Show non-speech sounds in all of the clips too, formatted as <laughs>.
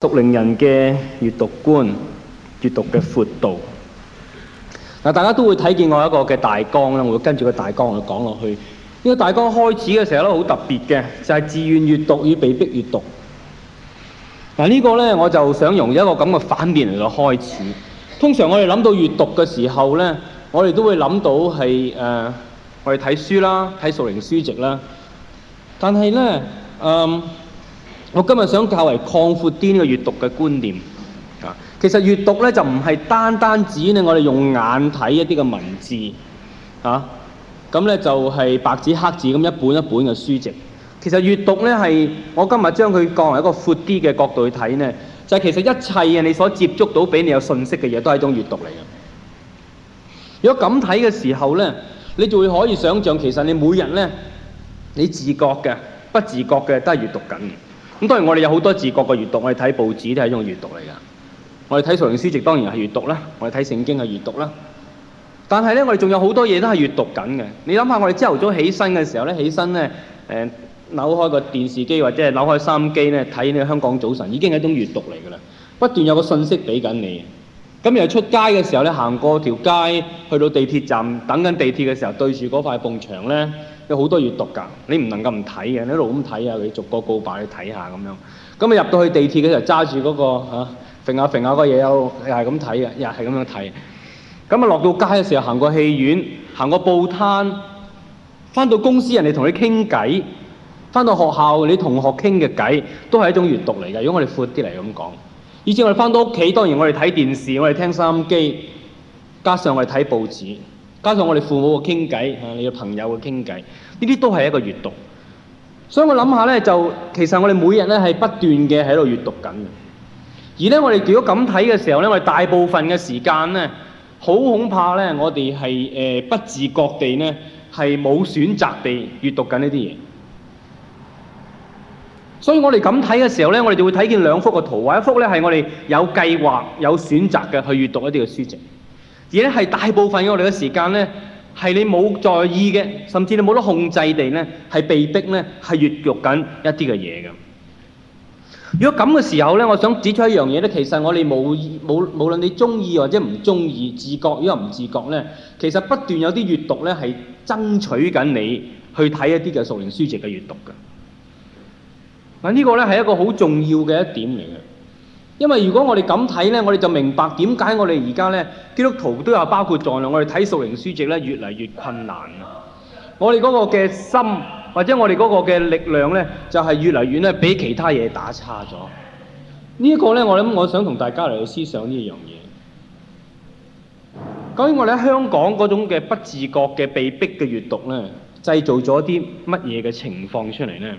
屬靈人嘅閱讀觀、閱讀嘅闊度，嗱，大家都會睇見我一個嘅大綱啦，我會跟住個大綱去講落去。呢個大綱開始嘅時候咧，好特別嘅，就係、是、自願閱讀與被逼閱讀。嗱，呢個呢，我就想用一個咁嘅反面嚟到開始。通常我哋諗到閱讀嘅時候呢，我哋都會諗到係誒、呃，我哋睇書啦，睇屬靈書籍啦。但係呢嗯。呃我今日想較為擴闊啲呢個閱讀嘅觀念啊，其實閱讀呢，就唔係單單指呢，我哋用眼睇一啲嘅文字啊，咁呢就係白紙黑字咁一本一本嘅書籍。其實閱讀呢，係我今日將佢降為一個闊啲嘅角度去睇呢，就係其實一切人你所接觸到俾你有信息嘅嘢，都係一種閱讀嚟嘅。如果咁睇嘅時候呢，你就會可以想像，其實你每日呢，你自覺嘅、不自覺嘅都係閱讀緊咁當然我哋有好多自覺嘅閱讀，我哋睇報紙都係一種閱讀嚟噶。我哋睇《宋形詩集》當然係閱讀啦，我哋睇《聖經》係閱讀啦。但係呢，我哋仲有好多嘢都係閱讀緊嘅。你諗下，我哋朝頭早起身嘅時候呢，起身呢誒扭開個電視機或者扭開收音機呢，睇你《香港早晨》，已經係一種閱讀嚟㗎啦。不斷有個信息俾緊你。咁又出街嘅時候呢，行過條街，去到地鐵站等緊地鐵嘅時候，對住嗰塊篷牆。有好多閲讀㗎，你唔能夠唔睇嘅，你一路咁睇下，你逐個告白去睇下咁樣。咁啊入到去地鐵嘅時候，揸住嗰個揈下揈下個嘢，又又係咁睇啊，乖乖乖乖又係咁樣睇。咁啊落到街嘅時候，行個戲院，行個報攤，翻到公司人哋同你傾偈，翻到學校你同學傾嘅偈都係一種閲讀嚟嘅。如果我哋闊啲嚟咁講，以前我哋翻到屋企當然我哋睇電視，我哋聽收音機，加上我哋睇報紙。加上我哋父母嘅傾偈，吓你嘅朋友嘅傾偈，呢啲都係一個閱讀。所以我諗下咧，就其實我哋每日咧係不斷嘅喺度閱讀緊嘅。而咧我哋如果咁睇嘅時候咧，我哋大部分嘅時間咧，好恐怕咧，我哋係誒不自覺地咧係冇選擇地閱讀緊呢啲嘢。所以我哋咁睇嘅時候咧，我哋就會睇見兩幅嘅圖畫，一幅咧係我哋有計劃、有選擇嘅去閱讀一啲嘅書籍。而咧係大部分嘅我哋嘅時間咧，係你冇在意嘅，甚至你冇得控制地咧，係被逼咧係閲讀緊一啲嘅嘢嘅。如果咁嘅時候咧，我想指出一樣嘢咧，其實我哋冇冇，無論你中意或者唔中意，自覺如果唔自覺咧，其實不斷有啲閲讀咧係爭取緊你去睇一啲嘅屬靈書籍嘅閲讀嘅。嗱，呢個咧係一個好重要嘅一點嚟嘅。因為如果我哋咁睇呢，我哋就明白點解我哋而家呢，基督徒都有包括在內，我哋睇屬靈書籍呢，越嚟越困難啊！我哋嗰個嘅心或者我哋嗰個嘅力量呢，就係、是、越嚟越咧俾其他嘢打差咗。呢、這、一個呢，我諗我想同大家嚟思想呢樣嘢。究竟我哋喺香港嗰種嘅不自覺嘅被逼嘅閱讀呢，製造咗啲乜嘢嘅情況出嚟呢？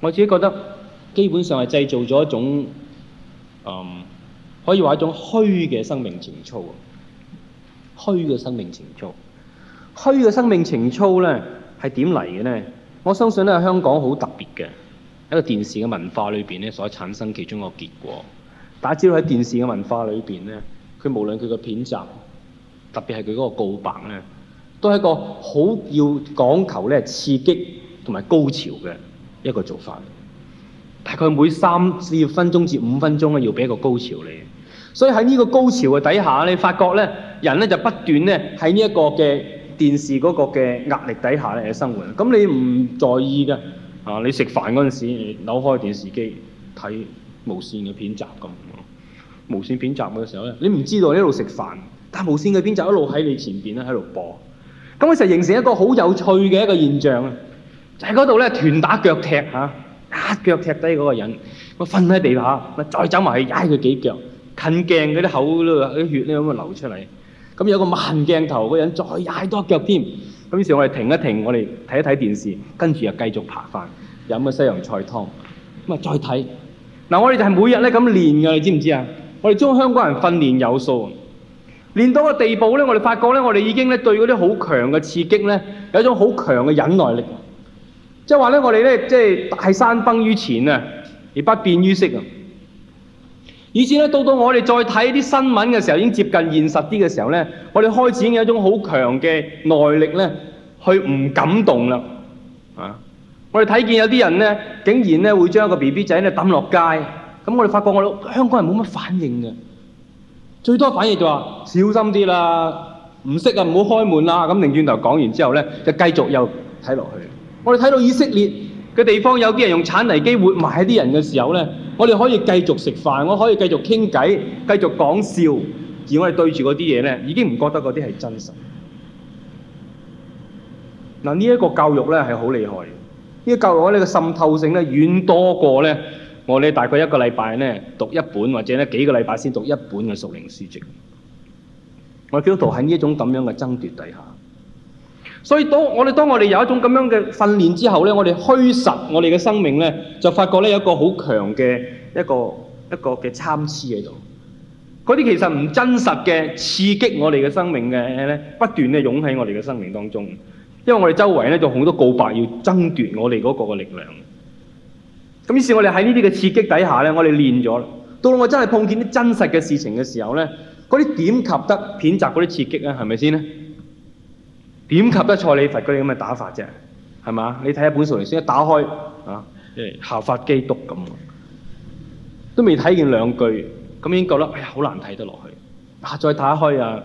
我自己覺得基本上係製造咗一種。Um, 可以話一種虛嘅生命情操，虛嘅生命情操，虛嘅生命情操呢係點嚟嘅呢？我相信呢，香港好特別嘅一個電視嘅文化裏邊呢，所產生其中一個結果。大家知道，喺電視嘅文化裏邊呢，佢無論佢嘅片集，特別係佢嗰個告白呢，都係一個好要講求呢刺激同埋高潮嘅一個做法。佢每三四分鐘至五分鐘咧，要俾一個高潮嚟。所以喺呢個高潮嘅底下你發覺咧人咧就不斷咧喺呢一個嘅電視嗰個嘅壓力底下咧生活。咁你唔在意嘅啊？你食飯嗰陣時你扭開電視機睇無線嘅片集咁，無線片集嘅時候咧，你唔知道喺度食飯，但無線嘅片集一路喺你前邊咧喺度播。咁其實形成一個好有趣嘅一個現象啊！就喺嗰度咧，拳打腳踢嚇。一腳踢低嗰個人，我瞓喺地下，再走埋去踩佢幾腳。近鏡嗰啲口血咧咁樣流出嚟。咁有個慢鏡頭，個人再踩多腳添。咁於是，我哋停一停，我哋睇一睇電視，跟住又繼續扒飯飲個西洋菜湯。咁啊再睇嗱，我哋就係每日咧咁練㗎，你知唔知啊？我哋將香港人訓練有素，練到個地步咧，我哋發覺咧，我哋已經咧對嗰啲好強嘅刺激咧，有一種好強嘅忍耐力。即係話咧，我哋咧即係大山崩於前啊，而不變於色啊！以前咧，到到我哋再睇啲新聞嘅時候，已經接近現實啲嘅時候咧，我哋開始已經有一種好強嘅耐力咧，去唔感動啦啊！我哋睇見有啲人咧，竟然咧會將個 BB 仔咧抌落街，咁我哋發覺我哋香港人冇乜反應嘅，最多反應就話，小心啲啦，唔識啊，唔好開門啦！咁，調轉頭講完之後咧，就繼續又睇落去。我哋睇到以色列嘅地方有啲人用鏟泥機活埋啲人嘅時候呢，我哋可以繼續食飯，我可以繼續傾偈，繼續講笑，而我哋對住嗰啲嘢呢，已經唔覺得嗰啲係真實。嗱，呢一個教育呢係好厲害的，呢、呢個教育咧個滲透性咧遠多過咧我哋大概一個禮拜呢讀一本或者幾幾個禮拜先讀一本嘅屬靈書籍。我哋基督徒喺呢一種咁樣嘅爭奪底下。所以當我哋當我哋有一種咁樣嘅訓練之後咧，我哋虛實我哋嘅生命咧，就發覺咧有一個好強嘅一個一個嘅參差喺度。嗰啲其實唔真實嘅刺激我哋嘅生命嘅咧，不斷咧湧喺我哋嘅生命當中。因為我哋周圍咧就好多告白要爭奪我哋嗰個嘅力量。咁於是我們在這些，我哋喺呢啲嘅刺激底下咧，我哋練咗啦。到我真係碰見啲真實嘅事情嘅時候咧，嗰啲點及得片集嗰啲刺激啊？係咪先咧？點及得蔡理佛嗰啲咁嘅打法啫，係嘛？你睇一本書嚟先，一打開啊，效法基督咁，都未睇見兩句，咁已經覺得哎呀好難睇得落去，啊。再打開啊，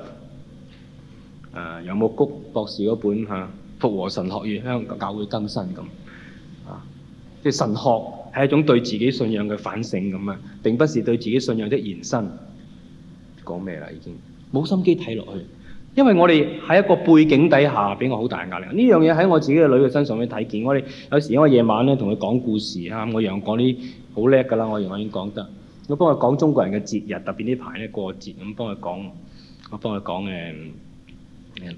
有、啊、冇谷博士嗰本、啊、復和神學與香港教會更新》咁啊？即神學係一種對自己信仰嘅反省咁啊，並不是對自己信仰的延伸。講咩啦？已經冇心機睇落去。因為我哋喺一個背景底下，俾我好大嘅壓力。呢樣嘢喺我自己嘅女嘅身上咧睇見，我哋有時因為夜晚咧同佢講故事嚇，我已經講啲好叻㗎喇，我已經講得。我幫佢講中國人嘅節日，特別呢排咧過節咁幫佢講，我幫佢講誒咩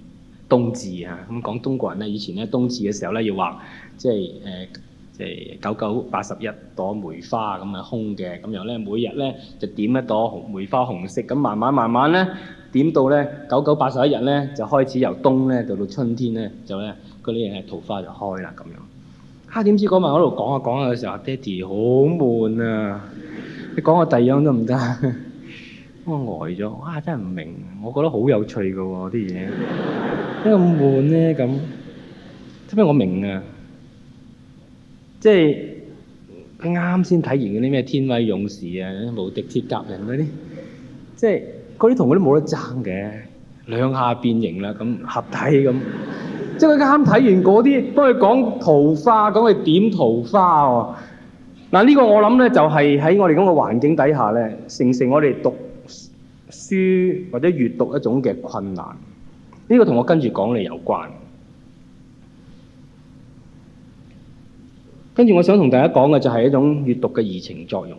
冬至啊，咁講中國人咧以前咧冬至嘅時候咧要話即係誒。呃即係九九八十一朵梅花咁啊空嘅，咁樣咧每日咧就點一朵紅梅花紅色，咁慢慢慢慢咧點到咧九九八十一日咧就開始由冬咧到到春天咧就咧嗰啲嘢桃花就開啦咁樣。嚇點知嗰晚喺度講下講下嘅時候，爹哋好悶啊！你講個第二樣都唔得，我呆咗。哇！真係唔明，我覺得好有趣嘅喎啲嘢，點解咁悶咧咁？因為我明啊。即係啱啱先睇完嗰啲咩天威勇士啊、無敵鐵甲人嗰啲，即係嗰啲同佢都冇得爭嘅，兩下變形啦咁合體咁。 <laughs> 即係佢啱啱睇完嗰啲，幫佢講桃花，講佢點桃花喎、啊。嗱、啊、呢、這個我諗咧，就係、是、喺我哋咁嘅環境底下咧，形成我哋讀書或者閱讀一種嘅困難。呢、這個同我跟住講你有關。跟住我想同大家講嘅就係一種閱讀嘅移情作用。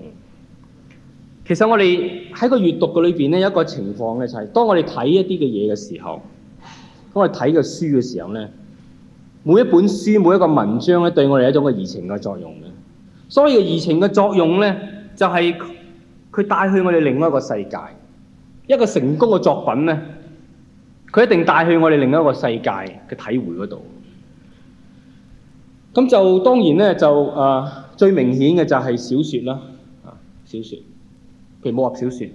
其實我哋喺個閱讀嘅裏面咧，有一個情況嘅就係當我哋睇一啲嘅嘢嘅時候，當我哋睇個書嘅時候咧，每一本書每一個文章咧，對我哋一種嘅移情嘅作用嘅。所以移情嘅作用咧，就係佢帶去我哋另外一個世界。一個成功嘅作品咧，佢一定帶去我哋另外一個世界嘅體會嗰度。咁就當然咧，就誒、啊、最明顯嘅就係小説啦，啊小説，譬如武俠小説、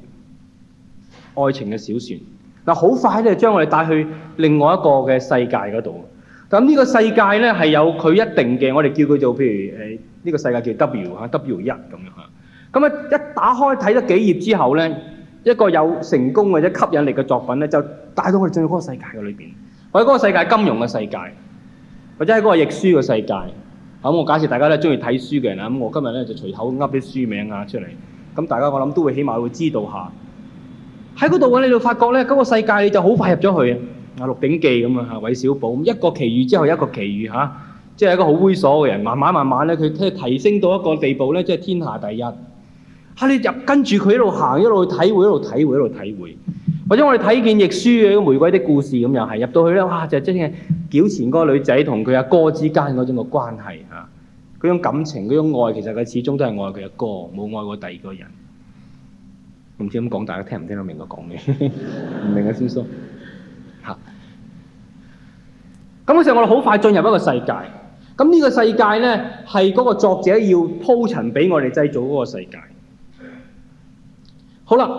愛情嘅小説。嗱好快咧，將我哋帶去另外一個嘅世界嗰度。咁呢個世界咧係有佢一定嘅，我哋叫佢做譬如呢、欸呢個世界叫 W W 一咁樣咁，啊一打開睇咗幾頁之後咧，一個有成功或者吸引力嘅作品咧，就帶到我哋進去嗰個世界嘅裏邊。喺嗰個世界，金融嘅世界。或者係嗰個讀書嘅世界，咁我假設大家都中意睇書嘅人啦，咁我今日咧就隨口噏啲書名啊出嚟，咁大家我諗都會起碼會知道一下。喺嗰度揾你，就發覺咧嗰、那個世界你就好快入咗去啊，《鹿鼎記》咁啊，《韋小寶》一個奇遇之後一個奇遇嚇，即、啊、係、就是、一個好猥瑣嘅人，慢慢慢慢咧佢即係提升到一個地步咧，即、就、係、是、天下第一。嚇你入跟住佢一路行，一路去體會，一路體會，一路體會。或者我哋睇見亦舒嘅《玫瑰的故事》咁又係入到去咧，哇！就真係，表前嗰個女仔同佢阿哥之間嗰種嘅關係吓，嗰種感情、嗰種愛，其實佢始終都係愛佢阿哥、哥，冇愛過第二個人。唔知咁講，大家聽唔聽得、得 <laughs> <laughs> 明白 <laughs> 我講咩？唔明啊，先生吓。咁嗰時我哋好快進入一個世界。咁呢個世界咧，係嗰個作者要鋪陳俾我哋製造嗰個世界。好啦，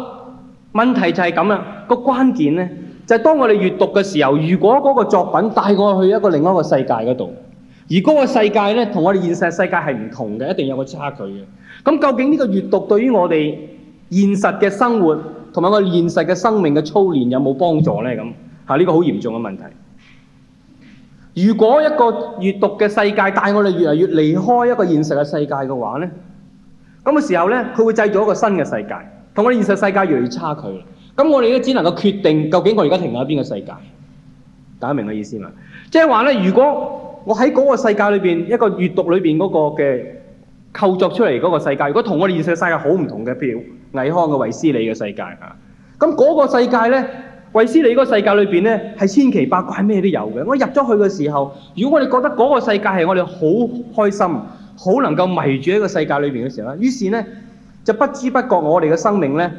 問題就係咁啦。個關鍵呢，就係當我哋閲讀嘅時候，如果嗰個作品帶我去一個另外一個世界嗰度，而嗰個世界呢，同我哋現實世界係唔同嘅，一定有一個差距嘅。咁究竟呢個閲讀對於我哋現實嘅生活同埋我現實嘅生命嘅操練有冇幫助呢？咁嚇呢個好嚴重嘅問題。如果一個閲讀嘅世界帶我哋越嚟越離開一個現實嘅世界嘅話呢，咁嘅時候呢，佢會製造一個新嘅世界，同我哋現實世界越嚟越差距。咁我哋都只能夠決定究竟我而家停喺邊個世界，大家明我意思嘛？即係話咧，如果我喺嗰個世界裏邊一個閲讀裏邊嗰個嘅構作出嚟嗰個世界，如果同我哋現實世界好唔同嘅，譬如倪匡嘅衛斯理嘅世界啊，咁嗰個世界咧，衛斯理嗰個世界裏邊咧係千奇百怪咩都有嘅。我入咗去嘅時候，如果我哋覺得嗰個世界係我哋好開心、好能夠迷住喺個世界裏邊嘅時候咧，於是咧就不知不覺我哋嘅生命咧。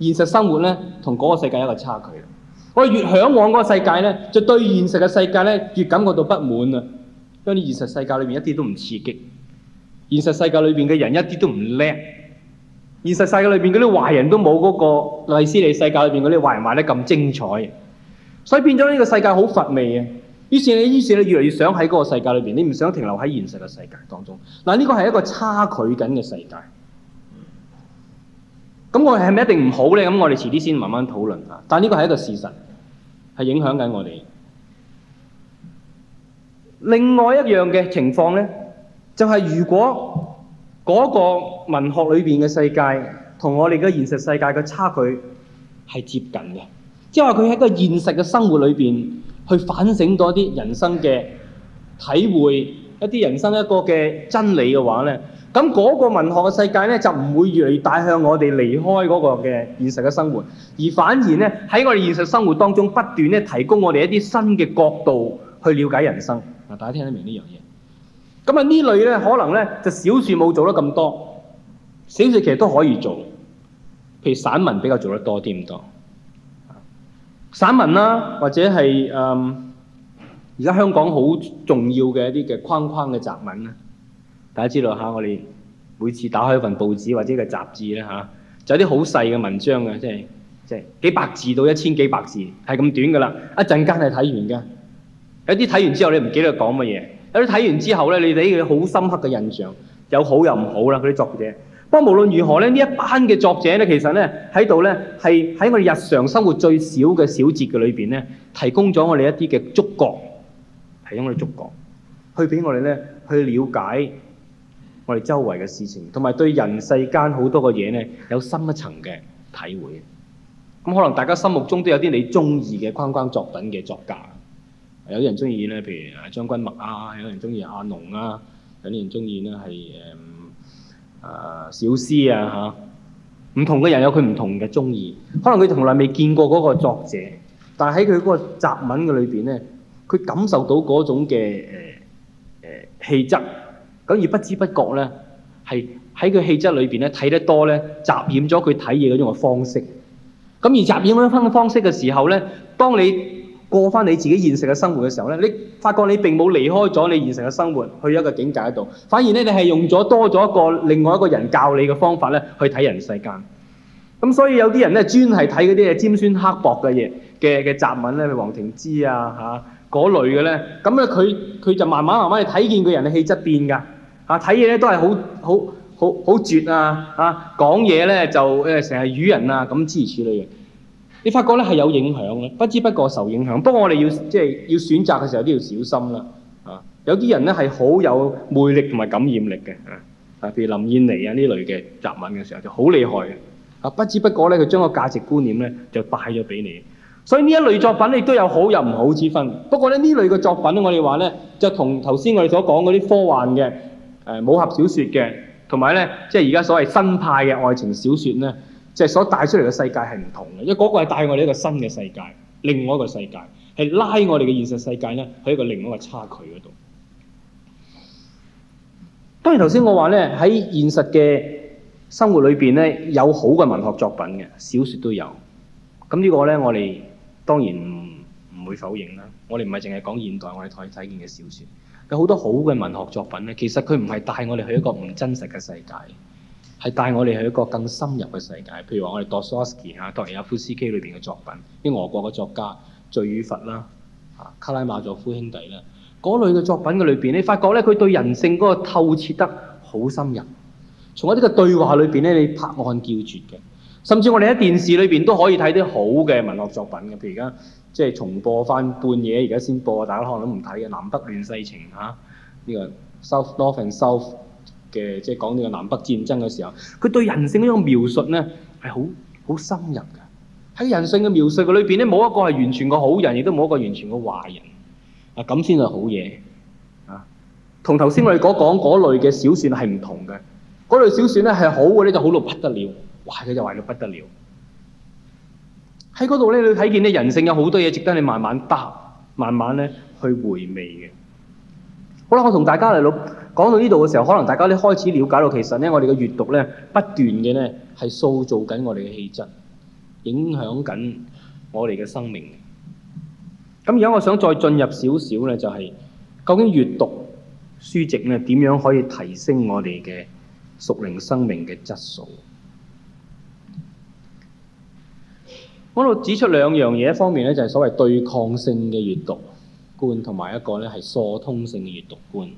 現實生活咧，同嗰個世界有一個差距。我越嚮往嗰個世界咧，就對現實嘅世界咧越感覺到不滿啊！因為現實世界裏邊一啲都唔刺激，現實世界裏邊嘅人一啲都唔叻，現實世界裏邊嗰啲壞人都冇嗰、嗰個麗斯利世界裏邊嗰啲壞人玩得咁精彩。所以變咗呢個世界好乏味啊！於是你，於是你越嚟越想喺嗰個世界裏邊，你唔想停留喺現實嘅世界當中。嗱，呢個係一個差距緊嘅世界。咁我係咪一定唔好咧？咁我哋遲啲先慢慢討論下。但呢個係一個事實，係影響緊我哋。另外一樣嘅情況咧，就係如果嗰個文學裏面嘅世界同我哋嘅現實世界嘅差距係接近嘅，即係話佢喺個現實嘅生活裏面去反省咗啲人生嘅體會，一啲人生一個嘅真理嘅話咧。咁、那、嗰個文學嘅世界咧，就唔會越嚟越帶向我哋離開嗰個嘅現實嘅生活，而反而咧喺我哋現實生活當中不斷咧提供我哋一啲新嘅角度去了解人生。嗱，大家聽得明呢樣嘢？咁啊，呢類咧可能咧就小説冇做得咁多，小説其實都可以做，譬如散文比較做得多啲唔多。散文啦、啊，或者係誒而家香港好重要嘅一啲嘅框框嘅雜文啊。大家知道嚇，我哋每次打開一份報紙或者個雜誌咧，嚇、啊，就有啲好細嘅文章嘅，即係即係幾百字到一千幾百字，係咁短嘅啦。一陣間係睇完嘅，有啲睇完之後你唔記得講乜嘢，有啲睇完之後咧，你哋有好深刻嘅印象，有好又唔好啦，嗰啲作者。不過無論如何咧，呢一班嘅作者咧，其實咧喺度咧係喺我哋日常生活最少嘅小節嘅裏邊咧，提供咗我哋一啲嘅觸角，提供我哋觸角，去俾我哋咧去了解我哋周圍嘅事情，同埋對人世間好多嘅嘢呢，有深一層嘅體會。咁、嗯、可能大家心目中都有啲你中意嘅框框作品嘅作家，有啲人中意呢，譬如啊張君默啊，有啲人中意阿龍啊，有啲人中意呢，係誒誒小思啊嚇。啊、唔同嘅人有佢唔同嘅中意，可能佢從來未見過嗰個作者，但係喺佢嗰個雜文嘅裏邊呢，佢感受到嗰種嘅誒誒氣質。咁而不知不覺咧，係喺佢氣質裏邊咧睇得多咧，雜染咗佢睇嘢嗰種嘅方式。咁而雜染咗翻方式嘅時候咧，當你過翻你自己現實嘅生活嘅時候咧，你發覺你並冇離開咗你現實嘅生活去一個境界度，反而咧你係用咗多咗一個另外一個人教你嘅方法咧去睇人世間。咁所以有啲人咧專係睇嗰啲尖酸刻薄嘅嘢嘅嘅雜文咧，黃庭芝啊嗰、啊、類嘅咧，咁咧佢佢就慢慢慢慢睇見個人嘅氣質變㗎。啊！睇嘢咧都係好好好好絕啊！啊，講嘢咧就誒成日語人啊咁諸如此類嘅，你發覺咧係有影響嘅，不知不覺受影響。不過我哋要即係、就是、要選擇嘅時候都要小心啦、啊。啊，有啲人咧係好有魅力同埋感染力嘅。啊，譬如林燕妮啊呢類嘅雜文嘅時候就好厲害嘅。啊，不知不覺咧佢將個價值觀念咧就帶咗俾你。所以呢一類作品亦都有好有唔好之分。不過咧呢這類嘅作品我哋話咧就同頭先我哋所講嗰啲科幻嘅。誒武俠小說嘅，同埋咧，即係而家所謂新派嘅愛情小說咧，即係所帶出嚟嘅世界係唔同嘅，因為嗰個係帶我哋一個新嘅世界，另外一個世界，係拉我哋嘅現實世界咧，去一個另外一個差距嗰度。當然頭先我話咧，喺現實嘅生活裏邊咧，有好嘅文學作品嘅，小説都有。咁呢個咧，我哋當然唔會否認啦。我哋唔係淨係講現代我哋可以睇見嘅小説。有好多好嘅文學作品咧，其實佢唔係帶我哋去一個唔真實嘅世界，係帶我哋去一個更深入嘅世界。譬如話我哋 Dostoevsky 啊，陀思妥耶夫斯基裏邊嘅作品，啲俄國嘅作家，罪與罰啦，啊，卡拉馬佐夫兄弟啦，嗰類嘅作品嘅裏邊，你發覺咧佢對人性嗰個透徹得好深入，從一啲嘅對話裏邊咧，你拍案叫絕嘅。甚至我哋喺電視裏邊都可以睇啲好嘅文學作品嘅，譬如而家。即係重播翻半夜，而家先播，大家可能都唔睇嘅《南北亂世情》呢、啊呢個 South, North and South 嘅，即係講呢個南北戰爭嘅時候，佢對人性呢種描述咧係好好深入嘅。喺人性嘅描述嘅裏面咧，冇一個係完全個好人，亦都冇一個完全個壞人。啊，咁先係好嘢啊！嗯、同頭先我哋講講嗰類嘅小説係唔同嘅。嗰類小説咧係好嘅呢就好到不得了，壞嘅就壞到不得了。喺嗰度咧，你睇見咧人性有好多嘢值得你慢慢答、慢慢咧去回味嘅。好啦，我同大家嚟到講到呢度嘅時候，可能大家咧開始了解到其實咧，我哋嘅閱讀咧不斷嘅咧係塑造緊我哋嘅氣質，影響緊我哋嘅生命。咁而家我想再進入少少咧，就係究竟閱讀書籍咧點樣可以提升我哋嘅屬靈生命嘅質素？我到指出兩樣嘢，一方面咧就係所謂對抗性嘅閱讀觀，同埋一個咧係疏通性嘅閱讀觀。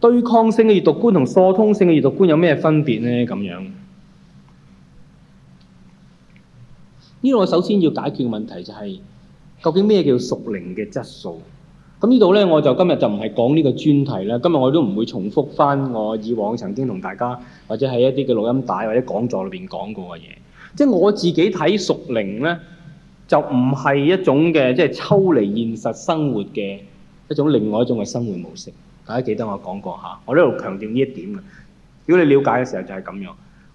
對抗性嘅閱讀觀同疏通性嘅閱讀觀有咩分別咧？咁樣呢度首先要解決嘅問題就係、是、究竟咩叫屬靈嘅質素？咁呢度咧，我今天就今日就唔係講呢個專題啦。今日我都唔會重複翻我以往曾經同大家或者喺一啲嘅錄音帶或者講座裏邊講過嘅嘢。即係我自己睇屬靈咧，就唔係一種嘅即係抽離現實生活嘅一種另外一種嘅生活模式。大家記得我講過下，我呢度強調呢一點啊。如果你了解嘅時候就係咁樣。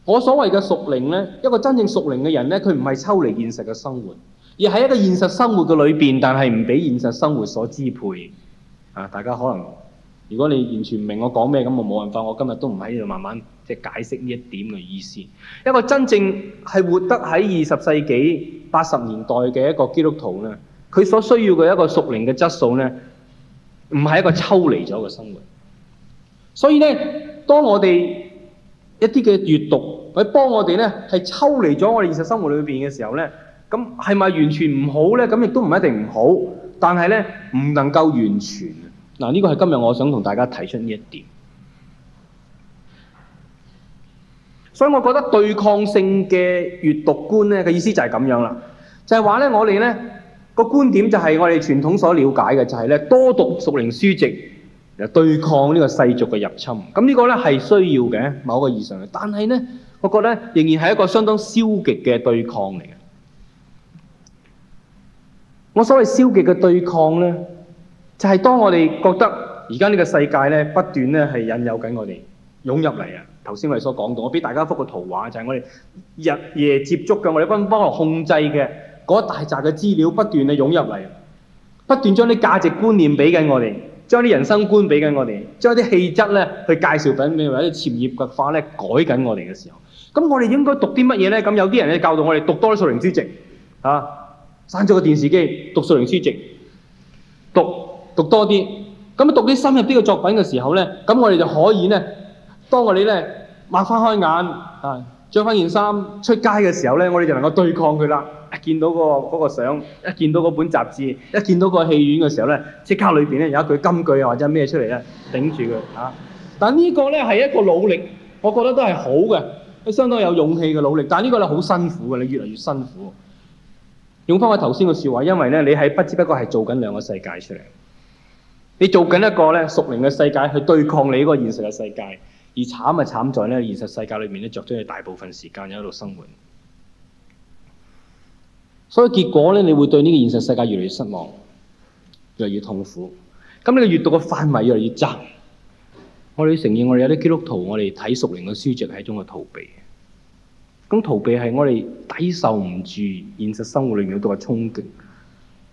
我所謂嘅屬靈咧，一個真正屬靈嘅人咧，佢唔係抽離現實嘅生活，而喺一個現實生活嘅裏面，但係唔俾現實生活所支配啊！大家可能如果你完全唔明我講咩咁，我冇辦法，我今日都唔喺呢度慢慢。即係解釋呢一點嘅意思。一個真正係活得喺二十世紀八十年代嘅一個基督徒咧，佢所需要嘅一個屬靈嘅質素咧，唔係一個抽離咗嘅生活。所以咧，當我哋一啲嘅閱讀去幫我哋咧係抽離咗我哋現實生活裏邊嘅時候咧，咁係咪完全唔好咧？咁亦都唔一定唔好，但係咧，唔能夠完全。嗱，呢個係今日我想同大家提出呢一點。所以我覺得對抗性嘅閱讀觀嘅意思就係咁樣啦，就係話呢，我哋呢個觀點就係我哋傳統所了解嘅，就係多讀熟齡書籍嚟對抗呢個世俗嘅入侵。咁呢個呢，係需要嘅某個意義上嘅，但係呢，我覺得仍然係一個相當消極嘅對抗嚟。我所謂消極嘅對抗呢，就係當我哋覺得而家呢個世界呢，不斷呢係引誘緊我哋湧入嚟啊！頭先我哋所講到，我俾大家幅個圖畫，就係、是、我哋日夜接觸嘅，我哋奔波來控制嘅嗰一大扎嘅資料不斷嘅湧入嚟，不斷將啲價值觀念俾緊我哋，將啲人生觀俾緊我哋，將啲氣質咧去介紹緊你，或者潛移默化咧改緊我哋嘅時候，咁我哋應該讀啲乜嘢咧？咁有啲人咧教導我哋讀多啲屬靈書籍，嚇、啊，閂咗個電視機讀屬靈書籍，讀讀多啲，咁啊讀啲深入啲嘅作品嘅時候咧，咁我哋就可以咧。當我哋咧擘翻開眼，着翻件衫出街嘅時候咧，我哋就能夠對抗佢啦。一見到個嗰個相，一見到嗰本雜誌，一見到，個，見到個戲院嘅時候咧，即刻裏邊咧有一句金句啊，或者咩出嚟咧，頂住佢啊。但呢個咧係一個努力，我覺得都係好嘅，都相當有勇氣嘅努力。但呢個你好辛苦嘅，你越嚟越辛苦。用翻我頭先嘅説話，因為咧你喺不知不覺係做緊兩個世界出嚟，你做緊一個咧屬靈嘅世界去對抗你呢個現實嘅世界。而慘就慘在現實世界裏面着咗你大部分時間喺度生活，所以結果呢，你會對呢個現實世界越來越失望，越來越痛苦。咁你嘅閲讀嘅範圍越來越窄。我哋承認，我哋有啲基督徒，我哋睇屬靈嘅書籍係一種嘅逃避。咁逃避係我哋抵受唔住現實生活裏面嗰個衝擊。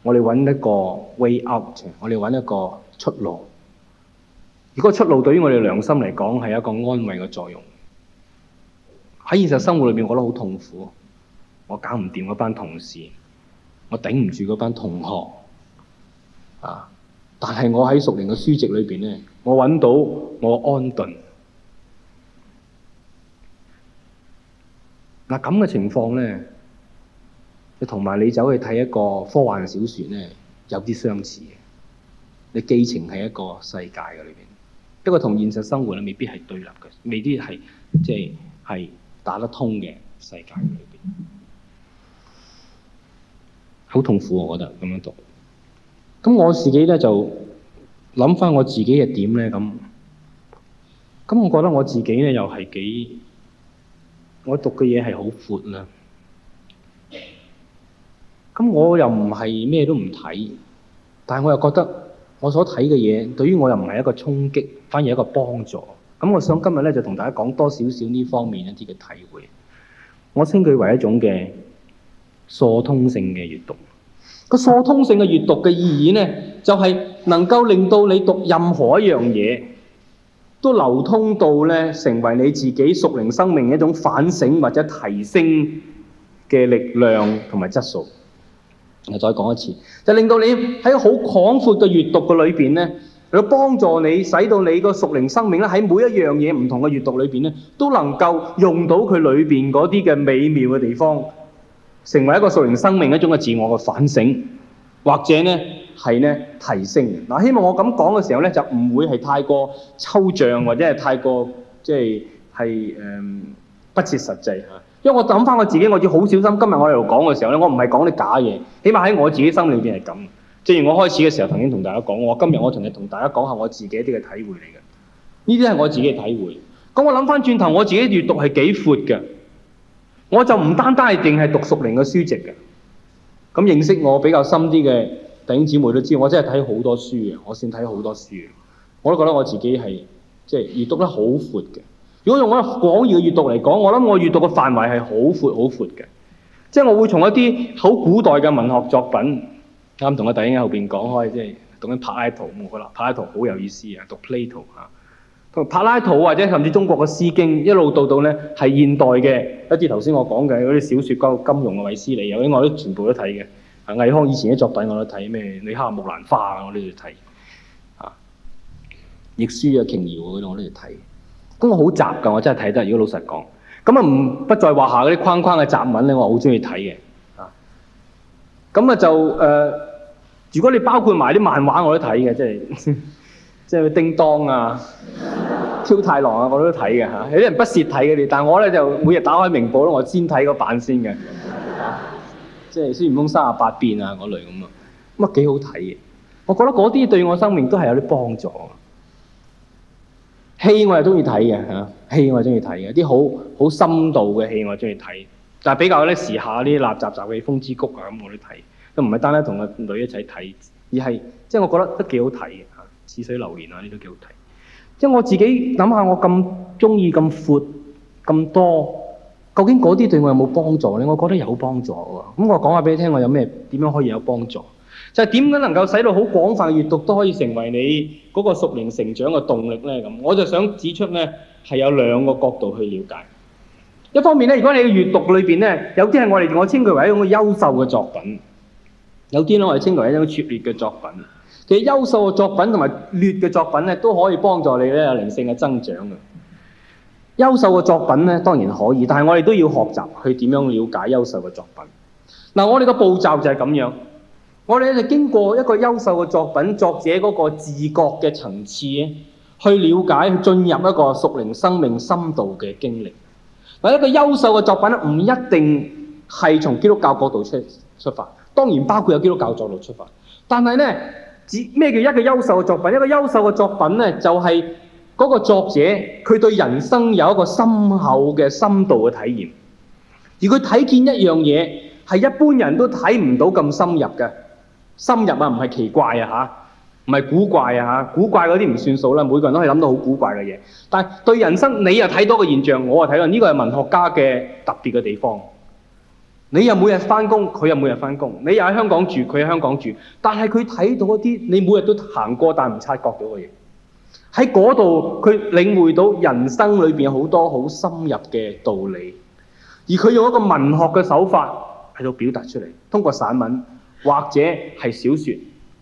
我哋揾一個 way out，我哋揾一個出路。如果出路對於我哋良心嚟講係一個安慰嘅作用，喺現實生活裏面，我覺得好痛苦，我搞唔掂嗰班同事，我頂唔住嗰班同學啊！但係我喺熟練嘅書籍裏邊呢，我揾到我安頓。嗱，咁嘅情況呢，你同埋你走去睇一個科幻小說呢，有啲相似，你寄情喺一個世界嘅裏邊。呢、這個同現實生活咧，未必係對立嘅，未必係即係係打得通嘅世界裏邊。好痛苦，我覺得咁樣讀。咁我自己咧就諗返我自己係點咧？咁咁我覺得我自己咧又係幾我讀嘅嘢係好闊啦。咁我又唔係咩都唔睇，但係我又覺得。我所睇嘅嘢，對於我又唔係一個衝擊，反而係一個幫助。咁我想今日咧就同大家講多少少呢方面一啲嘅體會。我稱佢為一種嘅疏通性嘅閱讀。個疏通性嘅閱讀嘅意義咧，就係、是、能夠令到你讀任何一樣嘢，都流通到咧成為你自己屬靈生命嘅一種反省或者提升嘅力量同埋質素。我再講一次。令到你喺好廣闊嘅閱讀嘅裏邊咧，去幫助你，使到你個屬靈生命咧喺每一樣嘢唔同嘅閱讀裏邊咧，都能夠用到佢裏邊嗰啲嘅美妙嘅地方，成為一個屬靈生命一種嘅自我嘅反省，或者咧係咧提升。嗱，希望我咁講嘅時候咧，就唔會係太過抽象或者係太過即係係誒不切實際吓。因為我諗翻我自己，我要好小心。今日我喺度講嘅時候咧，我唔係講啲假嘢。起碼喺我自己心裏面係咁。正如我開始嘅時候，曾經同大家講，我今日我同你同大家講下我自己啲嘅體會嚟嘅。呢啲係我自己嘅體會。咁我諗翻轉頭，我自己閱讀係幾闊嘅。我就唔單單係淨係讀屬靈嘅書籍嘅。咁認識我比較深啲嘅弟兄姊妹都知，我真係睇好多書嘅，我先睇好多書。我都覺得我自己係即係閱讀得好闊嘅。如果用我廣義嘅閲讀嚟講，我諗我閲讀嘅範圍係好闊好闊嘅，即係我會從一啲好古代嘅文學作品，啱同我大英喺後邊講開，即係讀緊柏拉圖，我覺得柏拉圖好有意思啊，讀 Plato 啊，同柏拉圖，柏拉圖或者甚至中國嘅《詩經》一直，一路到到咧係現代嘅一啲頭先我講嘅嗰啲小説，包括金融嘅維斯利，有啲我都全部都睇嘅。啊，魏康以前嘅作品我都睇咩，《你哈木蘭花》我都要睇啊，亦舒嘅《瓊瑤》嗰啲我都要睇。咁我好雜㗎，我真係睇得。如果老實講，咁啊唔不在話下嗰啲框框嘅雜文咧，我好中意睇嘅。啊，咁啊就誒，如果你包括埋啲漫畫我都睇嘅，即係即係叮當啊、挑太郎啊，我都睇嘅嚇。有啲人不屑睇嘅，你但我咧就每日打開明報咧，我先睇嗰版先嘅。即 <laughs> 係、啊就係《孫悟空三十八變》啊嗰類咁啊，咁啊幾好睇嘅。我覺得嗰啲對我生命都係有啲幫助。戲我又中意睇嘅嚇，戲我又中意睇嘅，啲好好深度嘅戲我又中意睇。但係比較咧時下啲垃雜雜嘅《風之谷》啊咁我都睇，都唔係單單同個女一齊睇，而係即係我覺得都幾好睇嘅嚇，《似水流年》啊呢都幾好睇。即係我自己諗下，我咁中意咁闊咁多，究竟嗰啲對我有冇幫助咧？我覺得有幫助喎。咁我講下俾你聽，我有咩點樣可以有幫助？就係點樣能夠使到好廣泛嘅閱讀都可以成為你嗰個屬靈成長嘅動力咧？咁我就想指出咧，係有兩個角度去了解。一方面咧，如果你嘅閱讀裏面咧，有啲係我哋我稱佢為一種優秀嘅作品，有啲咧我哋稱為一種拙劣嘅作品。其實優秀嘅作品同埋劣嘅作品咧，都可以幫助你咧有靈性嘅增長嘅。優秀嘅作品咧當然可以，但係我哋都要學習去點樣了解優秀嘅作品。嗱，我哋嘅步驟就係咁樣。我哋就經過一個優秀嘅作品作者嗰個自覺嘅層次，去了解進入一個屬靈生命深度嘅經歷。嗱，一個優秀嘅作品呢，唔一定係從基督教角度出出發，當然包括有基督教角度出發。但係呢，只咩叫一個優秀嘅作品？一個優秀嘅作品呢，就係嗰個作者佢對人生有一個深厚嘅深度嘅體驗，而佢睇見一樣嘢係一般人都睇唔到咁深入嘅。深入啊，唔係奇怪啊，嚇，唔係古怪啊，嚇，古怪嗰啲唔算數啦。每個人都係諗到好古怪嘅嘢，但係對人生你又睇多個現象，我又睇到呢個係文學家嘅特別嘅地方。你又每日翻工，佢又每日翻工，你又喺香港住，佢喺香港住，但係佢睇到一啲你每日都行過但唔察覺到嘅嘢，喺嗰度佢領會到人生裏邊好多好深入嘅道理，而佢用一個文學嘅手法喺度表達出嚟，通過散文。或者係小說，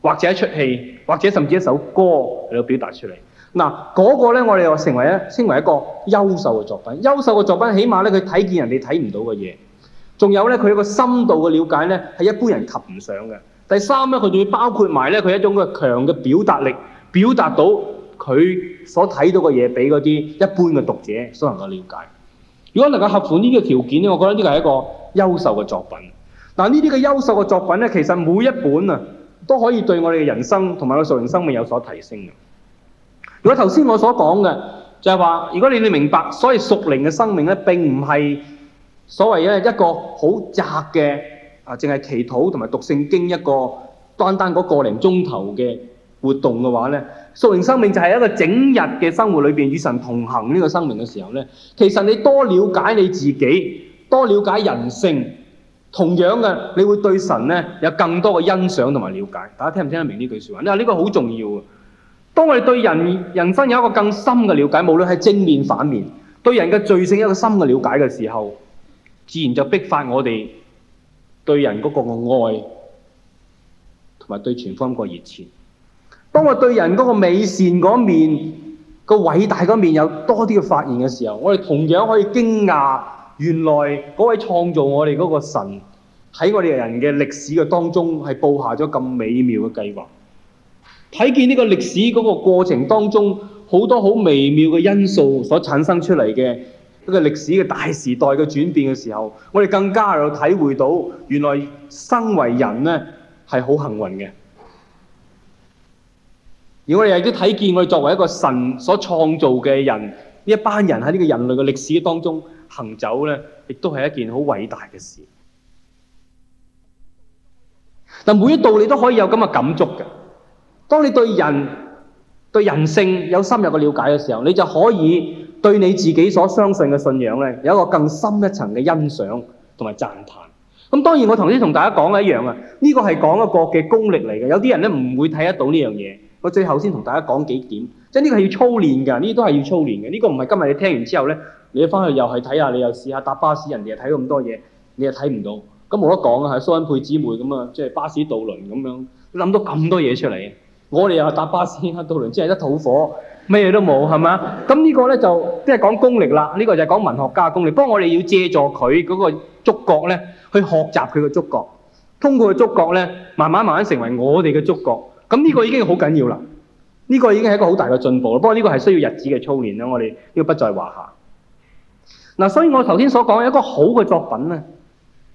或者一出戲，或者甚至一首歌，你都表達出嚟。嗱，嗰個咧，我哋又成為呢，稱為一個優秀嘅作品。優秀嘅作品，起碼咧佢睇見人哋睇唔到嘅嘢，仲有呢，佢一個深度嘅了解呢係一般人及唔上嘅。第三呢，佢仲要包括埋呢，佢一種嘅強嘅表達力，表達到佢所睇到嘅嘢俾嗰啲一般嘅讀者所能夠了解。如果能夠合乎呢個條件咧，我覺得呢個係一個優秀嘅作品。但呢啲嘅優秀嘅作品咧，其實每一本啊都可以對我哋嘅人生同埋個屬靈生命有所提升嘅。如果頭先我所講嘅就係話，如果你哋明白，所謂屬靈嘅生命咧並唔係所謂一個好窄嘅啊，淨係祈禱同埋讀聖經一個單單嗰個零鐘頭嘅活動嘅話咧，屬靈生命就係一個整日嘅生活裏面與神同行呢個生命嘅時候咧，其實你多了解你自己，多了解人性。同樣嘅，你會對神呢有更多嘅欣賞同埋了解。大家聽唔聽得明呢句説話？你話呢個好重要啊！當我哋對人人生有一個更深嘅了解，無論係正面反面，對人嘅罪性有一個深嘅了解嘅時候，自然就逼發我哋對人嗰個嘅愛，同埋對全方位嘅熱情。當我對人嗰個美善嗰面、嗰個偉大嗰面有多啲嘅發現嘅時候，我哋同樣可以驚訝。原來嗰位創造我哋嗰個神喺我哋人嘅歷史嘅當中，係布下咗咁美妙嘅計劃。睇見呢個歷史嗰個過程當中，好多好微妙嘅因素所產生出嚟嘅一個歷史嘅大時代嘅轉變嘅時候，我哋更加有體會到，原來身為人咧係好幸運嘅。而我哋亦都睇見我哋作為一個神所創造嘅人呢一班人喺呢個人類嘅歷史當中。行走咧，亦都係一件好偉大嘅事。但每一度你都可以有咁嘅感觸嘅。當你對人對人性有深入嘅了解嘅時候，你就可以對你自己所相信嘅信仰咧，有一個更深一層嘅欣賞同埋讚歎。咁當然，我頭先同大家講嘅一樣啊，呢個係講一個嘅功力嚟嘅。有啲人咧，唔會睇得到呢樣嘢。我最後先同大家講幾點，即係呢個係要操練㗎，呢啲都係要操練嘅。呢個唔係今日你聽完之後咧。你一翻去又係睇下，你又試下搭巴士，人哋又睇咁多嘢，你又睇唔到，咁冇得講啊！係蘇恩佩姊妹咁啊、就是，即係巴士渡輪咁樣，諗到咁多嘢出嚟。我哋又搭巴士啊，渡輪真係一肚火，咩嘢都冇係咪？咁呢個咧就即係講功力啦。呢、這個就係講文學家功力。不過我哋要借助佢嗰個觸覺咧，去學習佢嘅觸覺，通過嘅觸覺咧，慢慢慢慢成為我哋嘅觸覺。咁呢個已經好緊要啦。呢、這個已經係一個好大嘅進步。不過呢個係需要日子嘅操練啦。我哋呢、這個不在話下。嗱，所以我頭先所講一個好嘅作品咧，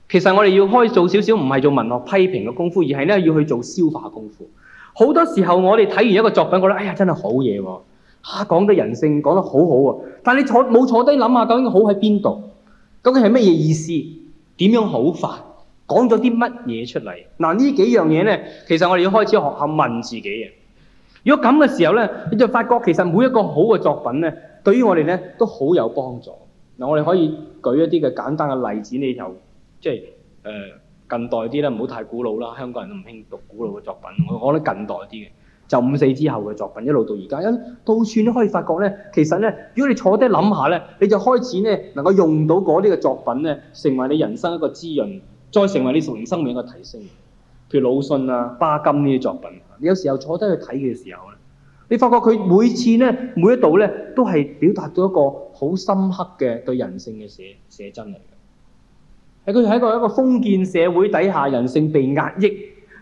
其實我哋要開始做少少，唔係做文學批評嘅功夫，而係咧要去做消化功夫。好多時候我哋睇完一個作品，覺得哎呀真係好嘢喎，吓，講得人性講得好好喎，但係你沒坐冇坐低諗下想想究竟好喺邊度？究竟係乜嘢意思？點樣好法？講咗啲乜嘢出嚟？嗱呢幾樣嘢咧，其實我哋要開始學下問自己。如果咁嘅時候咧，你就發覺其實每一個好嘅作品咧，對於我哋咧都好有幫助。嗱，我哋可以舉一啲嘅簡單嘅例子，你就即係誒近代啲咧，唔好太古老啦。香港人都唔興讀古老嘅作品，我我覺得近代啲嘅，就五四之後嘅作品一路到而家，因到處都可以發覺咧，其實咧，如果你坐低諗下咧，你就開始咧能夠用到嗰啲嘅作品咧，成為你人生一個滋潤，再成為你全生命一個提升。譬如魯迅啊、巴金呢啲作品，你有時候坐低去睇嘅時候咧，你發覺佢每次咧每一度咧都係表達到一個。好深刻嘅對人性嘅寫寫真嚟嘅，喺佢喺一個一個封建社會底下，人性被壓抑，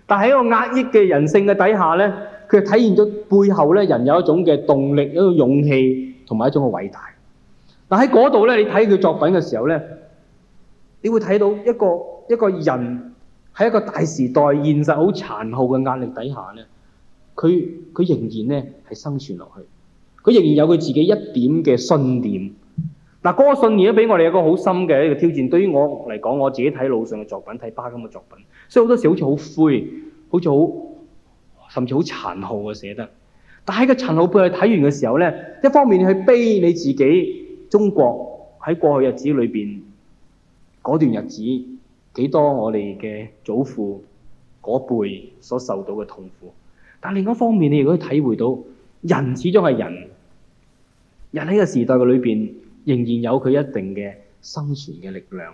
但喺一個壓抑嘅人性嘅底下呢，佢就體現咗背後呢人有一種嘅動力、一個勇氣同埋一種嘅偉大。但喺嗰度呢，你睇佢作品嘅時候呢，你會睇到一個一個人喺一個大時代現實好殘酷嘅壓力底下呢，佢佢仍然呢係生存落去。佢仍然有佢自己一點嘅信念。嗱，嗰個信念都俾我哋一個好深嘅一個挑戰。對於我嚟講，我自己睇魯迅嘅作品，睇巴金嘅作品，所以好多時候好似好灰，好似好甚至好殘酷嘅、啊、寫得。但喺個殘酷背後睇完嘅時候咧，一方面你去悲你自己中國喺過去日子裏面嗰段日子幾多我哋嘅祖父嗰輩所受到嘅痛苦，但另一方面你亦都體會到。人始終係人，人喺個時代嘅裏邊，仍然有佢一定嘅生存嘅力量。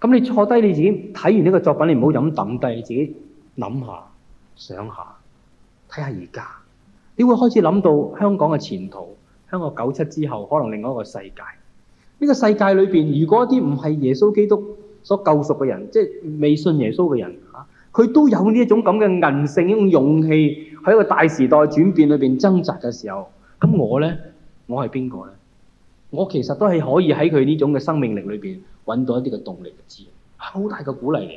咁你坐低你自己睇完呢個作品，你唔好咁抌低，你自己諗下、想下、睇下而家，你會開始諗到香港嘅前途，香港九七之後可能另外一個世界。呢個世界裏邊，如果一啲唔係耶穌基督所救贖嘅人，即係未信耶穌嘅人。佢都有呢一種咁嘅韌性，呢種勇氣喺一個大時代轉變裏面掙扎嘅時候。咁我咧，我係邊個咧？我其實都係可以喺佢呢種嘅生命力裏面搵到一啲嘅動力嘅資源，好大嘅鼓勵嚟嘅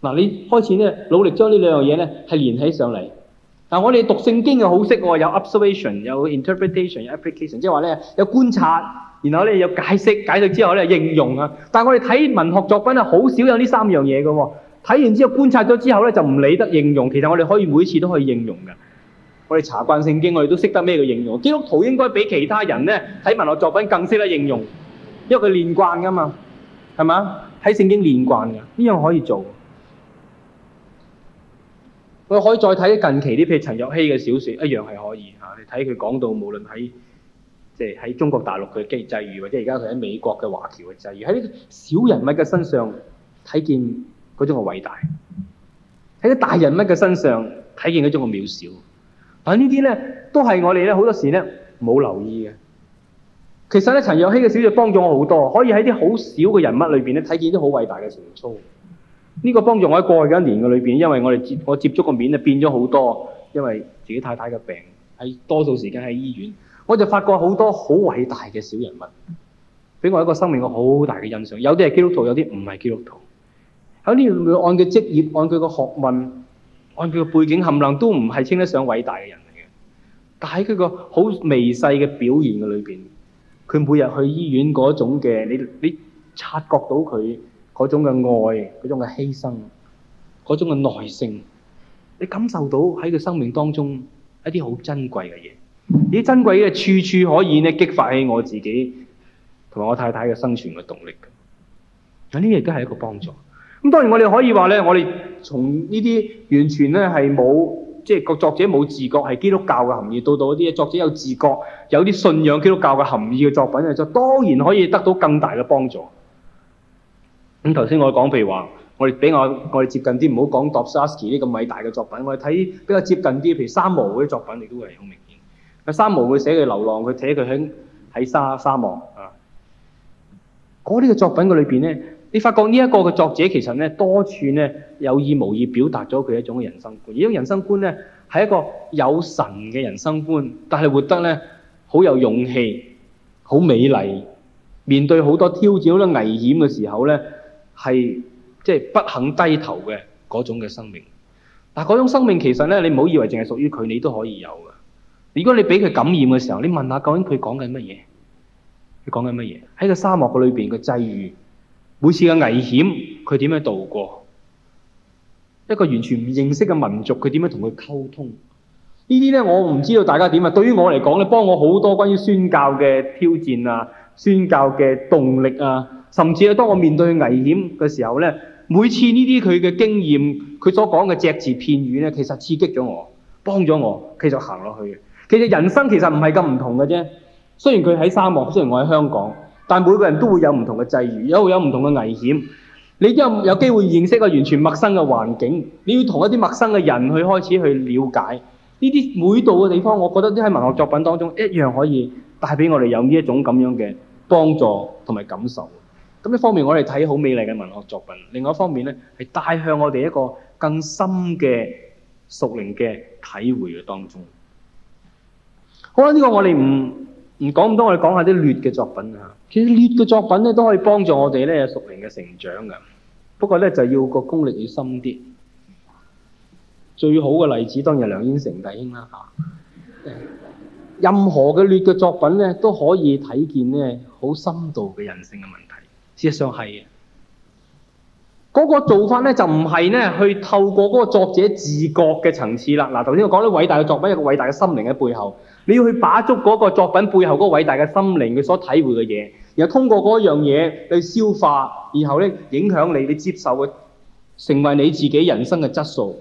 嗱。你開始咧努力將呢兩樣嘢咧係連起上嚟。但係我哋讀聖經嘅好識喎，有 observation，有 interpretation，有 application，即係話咧有觀察，然後咧有解釋，解釋之後咧應用啊。但係我哋睇文學作品咧，好少有呢三樣嘢嘅喎。睇完之後觀察咗之後咧，就唔理得應用。其實我哋可以每次都可以應用嘅。我哋查慣聖經，我哋都識得咩嘅應用。基督徒應該比其他人咧睇文學作品更識得應用，因為佢練慣噶嘛，係嘛？睇聖經練慣嘅呢樣可以做。我哋可以再睇近期啲，譬如陳若曦嘅小説，一樣係可以嚇。你睇佢講到無論喺即係喺中國大陸嘅際遇或者而家佢喺美國嘅華僑嘅際遇，喺呢啲小人物嘅身上睇見。嗰種嘅偉大，喺啲大人物嘅身上睇見嗰種嘅渺小，但呢啲咧都係我哋咧好多時咧冇留意嘅。其實咧陳若希嘅小説幫咗我好多，可以喺啲好少嘅人物裏邊咧睇見啲好偉大嘅情操。呢個幫助我喺過去一年嘅裏邊，因為我哋接我接觸嘅面咧變咗好多，因為自己太太嘅病喺多數時間喺醫院，我就發覺好多好偉大嘅小人物，俾我一個生命個好大嘅印象。有啲係基督徒，有啲唔係基督徒。喺呢樣按佢職業、按佢個學問、按佢個背景冚唪唥，都唔係稱得上偉大嘅人嚟嘅。但喺佢個好微細嘅表現嘅裏邊，佢每日去醫院嗰種嘅，你你察覺到佢嗰種嘅愛、嗰種嘅犧牲、嗰種嘅耐性，你感受到喺佢生命當中一啲好珍貴嘅嘢。呢啲珍貴嘢處處可以呢激發起我自己同埋我太太嘅生存嘅動力㗎。嗱呢樣都係一個幫助。咁當然我哋可以話咧，我哋從呢啲完全咧係冇，即係個作者冇自覺係基督教嘅含義，到到嗰啲作者有自覺，有啲信仰基督教嘅含義嘅作品嚟就當然可以得到更大嘅幫助。咁頭先我講譬如話，我哋畀我我哋接近啲，唔好講 Dostoevsky 呢咁偉大嘅作品，我哋睇比較接近啲，譬如三毛嗰啲作品，亦都係好明顯。三毛會寫佢《流浪》佢寫佢，佢寫佢喺喺沙沙漠啊，嗰啲嘅作品嘅裏面咧。你發覺呢一個嘅作者其實咧多處咧有意無意表達咗佢一種嘅人生觀，而呢種人生觀咧係一個有神嘅人生觀，但係活得咧好有勇氣、好美麗，面對好多挑戰、好多危險嘅時候咧係即係不肯低頭嘅嗰種嘅生命。但係嗰種生命其實咧，你唔好以為淨係屬於佢，你都可以有嘅。如果你俾佢感染嘅時候，你問下究竟佢講緊乜嘢？佢講緊乜嘢？喺個沙漠嘅裏邊嘅際遇。每次嘅危險，佢點樣度過？一個完全唔認識嘅民族，佢點樣同佢溝通？呢啲咧，我唔知道大家點啊。對於我嚟講咧，幫我好多關於宣教嘅挑戰啊，宣教嘅動力啊，甚至係，當我面對危險嘅時候咧，每次呢啲佢嘅經驗，佢所講嘅隻字片語咧，其實刺激咗我，幫咗我，其實行落去嘅。其實人生其實唔係咁唔同嘅啫。雖然佢喺沙漠，雖然我喺香港。但每個人都會有唔同嘅際遇，有會有唔同嘅危險。你都有有機會認識一個完全陌生嘅環境，你要同一啲陌生嘅人去開始去了解呢啲每度嘅地方。我覺得都喺文學作品當中一樣可以帶俾我哋有呢一種咁樣嘅幫助同埋感受。咁一方面我哋睇好美麗嘅文學作品，另外一方面咧係帶向我哋一個更深嘅屬靈嘅體會嘅當中。好啦，呢、這個我哋唔唔講咁多，我哋講下啲劣嘅作品。其實劣嘅作品咧都可以幫助我哋咧屬靈嘅成長噶，不過咧就要個功力要深啲。最好嘅例子當然梁英成弟兄啦，吓。任何嘅劣嘅作品咧都可以睇見咧好深度嘅人性嘅問題。事實上係嘅，嗰個做法咧就唔係咧去透過嗰個作者自覺嘅層次啦。嗱，頭先我講咧偉大嘅作品有一個偉大嘅心靈喺背後，你要去把捉嗰個作品背後嗰個偉大嘅心靈佢所體會嘅嘢。然後通過嗰樣嘢去消化，然後咧影響你，你接受嘅成為你自己人生嘅質素。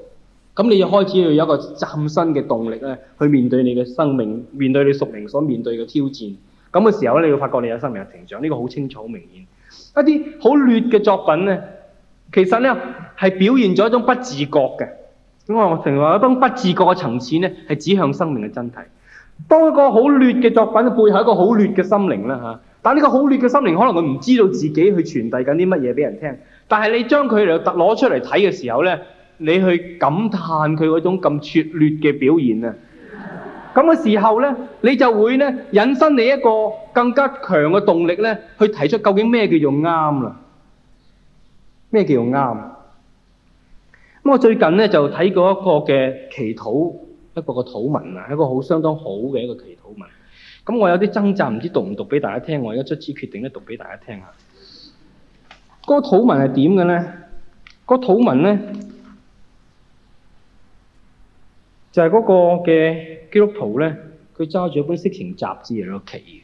咁你就開始要有一個嶄新嘅動力咧，去面對你嘅生命，面對你屬靈所面對嘅挑戰。咁嘅時候咧，你會發覺你有生命嘅成長，呢、這個好清楚好明顯。一啲好劣嘅作品咧，其實咧係表現咗一種不自覺嘅咁我成日話一種不自覺嘅層次咧係指向生命嘅真諦。當一個好劣嘅作品背後一個好劣嘅心靈啦嚇。但呢個好劣嘅心靈，可能佢唔知道自己去傳遞緊啲乜嘢俾人聽。但係你將佢嚟特攞出嚟睇嘅時候呢，你去感嘆佢嗰種咁拙劣嘅表現啊！咁 <laughs> 嘅時候呢，你就會呢引申你一個更加強嘅動力呢，去提出究竟咩叫做啱啦？咩叫做啱？咁我最近呢就睇過一個嘅祈禱，一個個禱文啊，一個好相當好嘅一個祈咁我有啲掙扎，唔知讀唔讀俾大家聽。我而家卒之決定咧，讀俾大家聽下嗰、那個土文係點嘅咧？嗰、那個、土文咧就係、是、嗰個嘅基督徒咧，佢揸住一本色情雜誌嚟屋企嘅。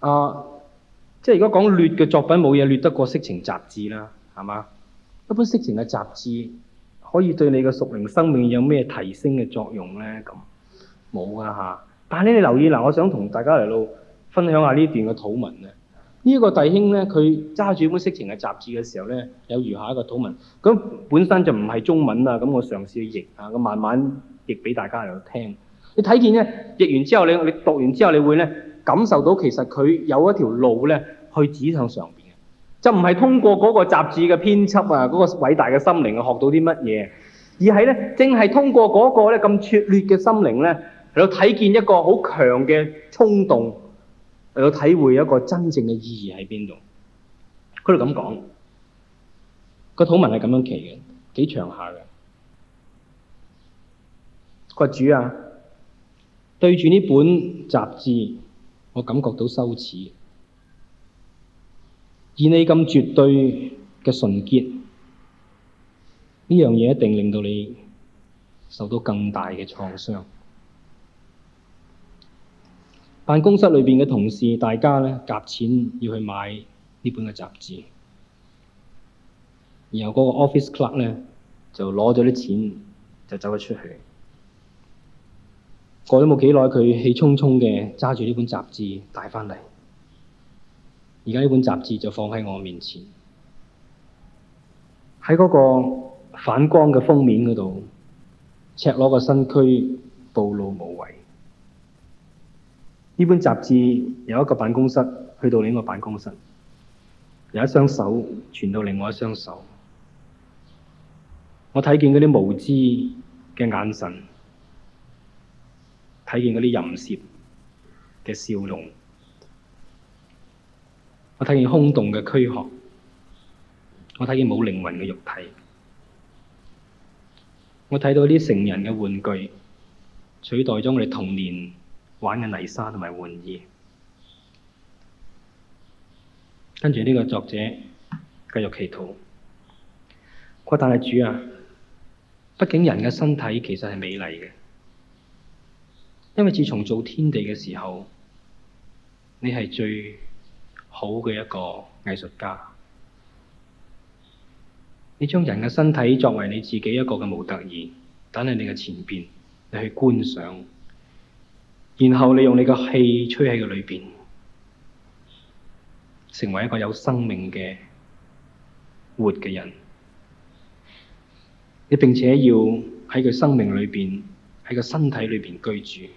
啊，即係如果講劣嘅作品，冇嘢劣得過色情雜誌啦，係嘛？一本色情嘅雜誌可以對你嘅屬靈生命有咩提升嘅作用咧？咁冇噶吓。但你留意嗱，我想同大家嚟到分享下呢段嘅討論。啊。呢個個弟兄呢，佢揸住一本色情嘅雜誌嘅時候呢，有如下一個討論：「咁本身就唔係中文啊，咁我嘗試去譯啊，咁慢慢譯俾大家嚟到聽。你睇見呢，譯完之後，你你讀完之後，你會呢感受到其實佢有一條路呢去指向上邊嘅，就唔係通過嗰個雜誌嘅編輯啊，嗰、嗰個偉大嘅心靈啊，學到啲乜嘢，而係呢，正係通過嗰個呢咁拙劣嘅心靈呢。有睇見一個好強嘅衝動，有體會有一個真正嘅意義喺邊度？佢就咁講，個土文係咁樣寫嘅，幾長下嘅。個主啊，對住呢本雜誌，我感覺到羞恥。以你咁絕對嘅純潔，呢樣嘢一定令到你受到更大嘅創傷。辦公室裏邊嘅同事，大家呢夾錢要去買呢本嘅雜誌，然後嗰個 office clerk 呢就攞咗啲錢就走咗出去。過咗冇幾耐，佢氣沖沖嘅揸住呢本雜誌帶翻嚟而家呢本雜誌就放喺我面前，喺嗰個反光嘅封面嗰度，赤裸嘅身軀暴露無遺。呢本雜誌由一個辦公室，去到另一個辦公室，由一雙手傳到另外一雙手。我睇見嗰啲無知嘅眼神，睇見嗰啲淫褻嘅笑容，我睇見空洞嘅軀殼，我睇見冇靈魂嘅肉體，我睇到啲成人嘅玩具取代咗我哋童年。玩嘅泥沙同埋玩意，跟住呢個作者繼續祈禱。佢但係主啊，畢竟人嘅身體其實係美麗嘅，因為自從做天地嘅時候，你係最好嘅一個藝術家，你將人嘅身體作為你自己一個嘅模特兒，等喺你嘅前邊，你去觀賞。然後你用你個氣吹喺佢裏邊，成為一個有生命嘅活嘅人。你並且要喺佢生命裏邊，喺佢身體裏邊居住。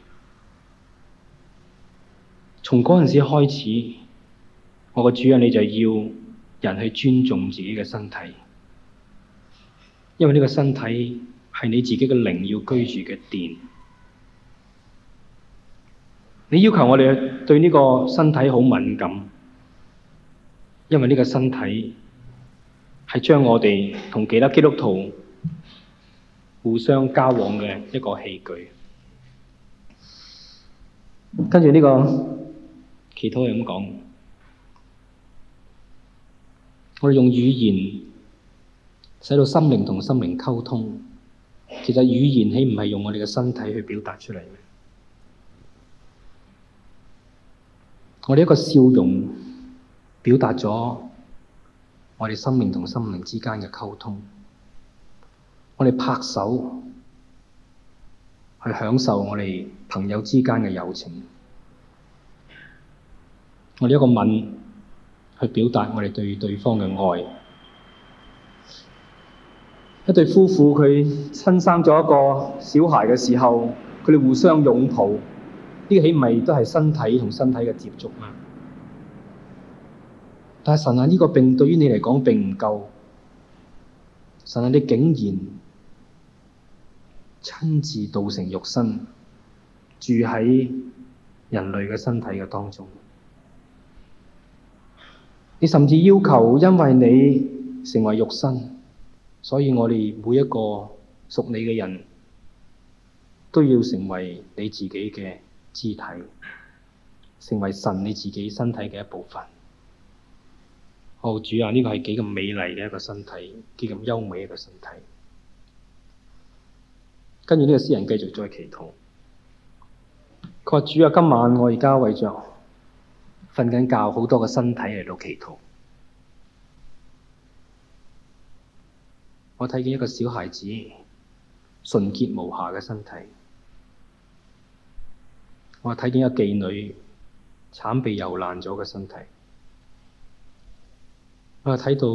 從嗰陣時開始，我個主人你就係要人去尊重自己嘅身體，因為呢個身體係你自己嘅靈要居住嘅殿。你要求我哋對呢個身體好敏感，因為呢個身體係將我哋同其他基督徒互相交往嘅一個器具。跟住呢個祈禱係咁講，我哋用語言使到心靈同心靈溝通。其實語言豈唔係用我哋嘅身體去表達出嚟嘅。我哋一個笑容，表達咗我哋生命同生命之間嘅溝通；我哋拍手，去享受我哋朋友之間嘅友情；我哋一個吻，去表達我哋對對方嘅愛。一對夫婦佢親生咗一個小孩嘅時候，佢哋互相擁抱。呢啲咪都係身體同身體嘅接觸啊！但係神啊，呢個病對於你嚟講並唔夠。神啊，你竟然親自道成肉身，住喺人類嘅身體嘅當中。你甚至要求，因為你成為肉身，所以我哋每一個屬你嘅人都要成為你自己嘅。肢體成為神你自己身體嘅一部分。好、哦，主啊，呢、這個係幾咁美麗嘅一個身體，幾咁優美的一個身體。跟住呢個詩人繼續再祈禱，佢話：主啊，今晚我而家為着瞓緊覺好多嘅身體嚟到祈禱。我睇見一個小孩子純潔無瑕嘅身體。我睇見一個妓女慘被蹂躪咗嘅身體，我睇到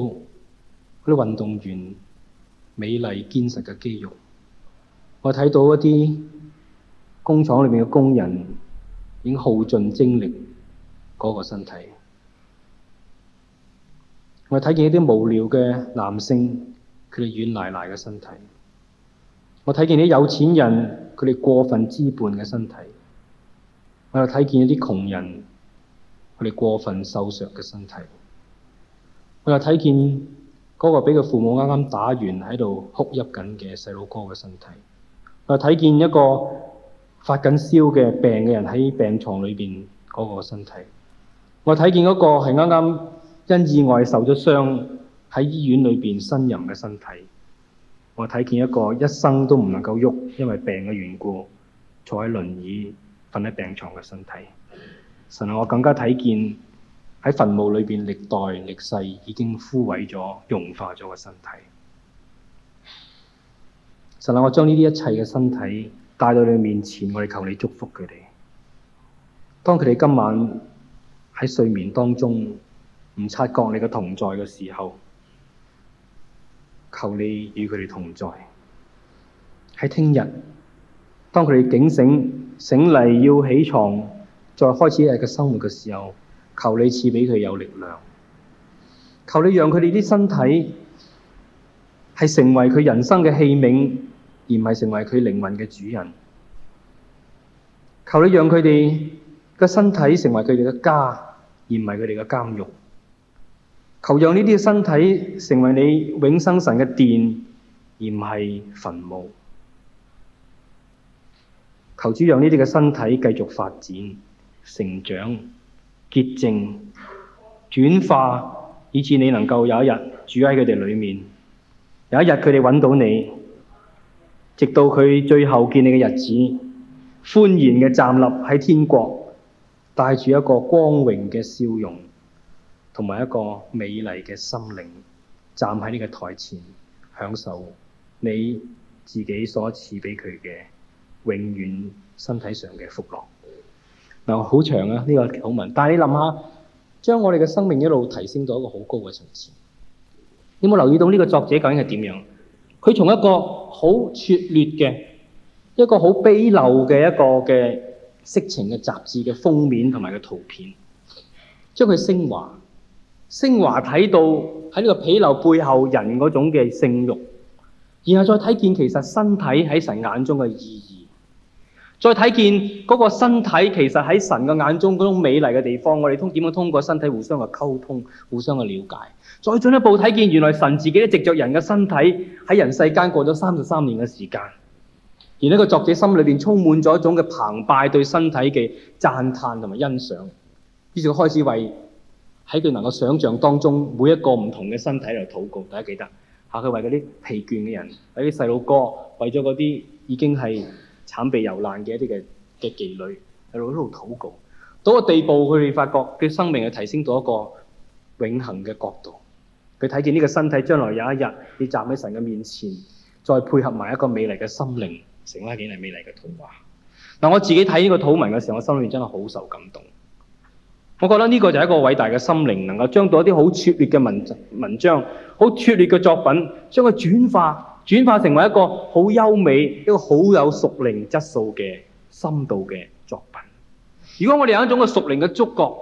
啲運動員美麗堅實嘅肌肉，我睇到一啲工廠裏面嘅工人已經耗盡精力嗰個身體，我睇見一啲無聊嘅男性佢哋軟賴賴嘅身體，我睇見啲有錢人佢哋過分之半嘅身體。我又睇見一啲窮人，佢哋過分瘦削嘅身體；我又睇見嗰個俾佢父母啱啱打完喺度哭泣緊嘅細佬哥嘅身體；我又睇見一個發緊燒嘅病嘅人喺病床裏邊嗰個身體；我睇見嗰個係啱啱因意外受咗傷喺醫院裏邊呻吟嘅身體；我睇見一個一生都唔能夠喐因為病嘅緣故坐喺輪椅，瞓喺病床嘅身體，神啊！我更加睇見喺墳墓裏邊歷代歷世已經枯萎咗、融化咗嘅身體。神啊！我將呢啲一切嘅身體帶到你面前，我哋求你祝福佢哋。當佢哋今晚喺睡眠當中唔察覺你嘅同在嘅時候，求你與佢哋同在。喺聽日，當佢哋警醒醒嚟要起床，再開始一日嘅生活嘅時候，求你賜畀佢有力量，求你讓佢哋啲身體係成為佢人生嘅器皿，而唔係成為佢靈魂嘅主人。求你讓佢哋嘅身體成為佢哋嘅家，而唔係佢哋嘅監獄。求讓呢啲身體成為你永生神嘅殿，而唔係墳墓。求主讓呢啲嘅身體繼續發展、成長、潔淨、轉化，以至你能夠有一日住喺佢哋裏面，有一日佢哋揾到你，直到佢最後見你嘅日子，歡然嘅站立喺天國，帶住一個光榮嘅笑容，同埋一個美麗嘅心靈，站喺呢個台前，享受你自己所賜俾佢嘅。永遠身體上嘅福樂嗱，好、這個、長啊呢個好文。但係你諗下，將我哋嘅生命一路提升到一個好高嘅層次。你沒有冇留意到呢個作者究竟係點樣？佢從一個好拙劣嘅一個好鄙陋嘅一個嘅色情嘅雜誌嘅封面同埋嘅圖片，將佢升華，升華睇到喺呢個鄙陋背後人嗰種嘅性慾，然後再睇見其實身體喺神眼中嘅意義。再睇見嗰個身體，其實喺神嘅眼中嗰種美麗嘅地方，我哋通點樣通過身體互相嘅溝通、互相嘅了解，再進一步睇見原來神自己都藉着人嘅身體喺人世間過咗三十三年嘅時間。而呢個作者心裏邊充滿咗一種嘅澎湃對身體嘅讚嘆同埋欣賞，於是佢開始為喺佢能夠想象當中每一個唔同嘅身體嚟禱告。大家記得，吓，佢為嗰啲疲倦嘅人，喺啲細路哥，為咗嗰啲已經係。慘被蹂躪嘅一啲嘅嘅妓女喺度喺度禱告，到個地步佢哋發覺佢生命係提升到一個永恒嘅角度。佢睇見呢個身體將來有一日要站喺神嘅面前，再配合埋一個美麗嘅心靈，成一件係美麗嘅圖畫。嗱，我自己睇呢個禱文嘅時候，我心裏面真係好受感動。我覺得呢個就係一個偉大嘅心靈，能夠將到一啲好拙劣嘅文文章、好拙劣嘅作品，將佢轉化。轉化成為一個好優美、一個好有屬靈質素嘅深度嘅作品。如果我哋有一種嘅屬靈嘅觸覺，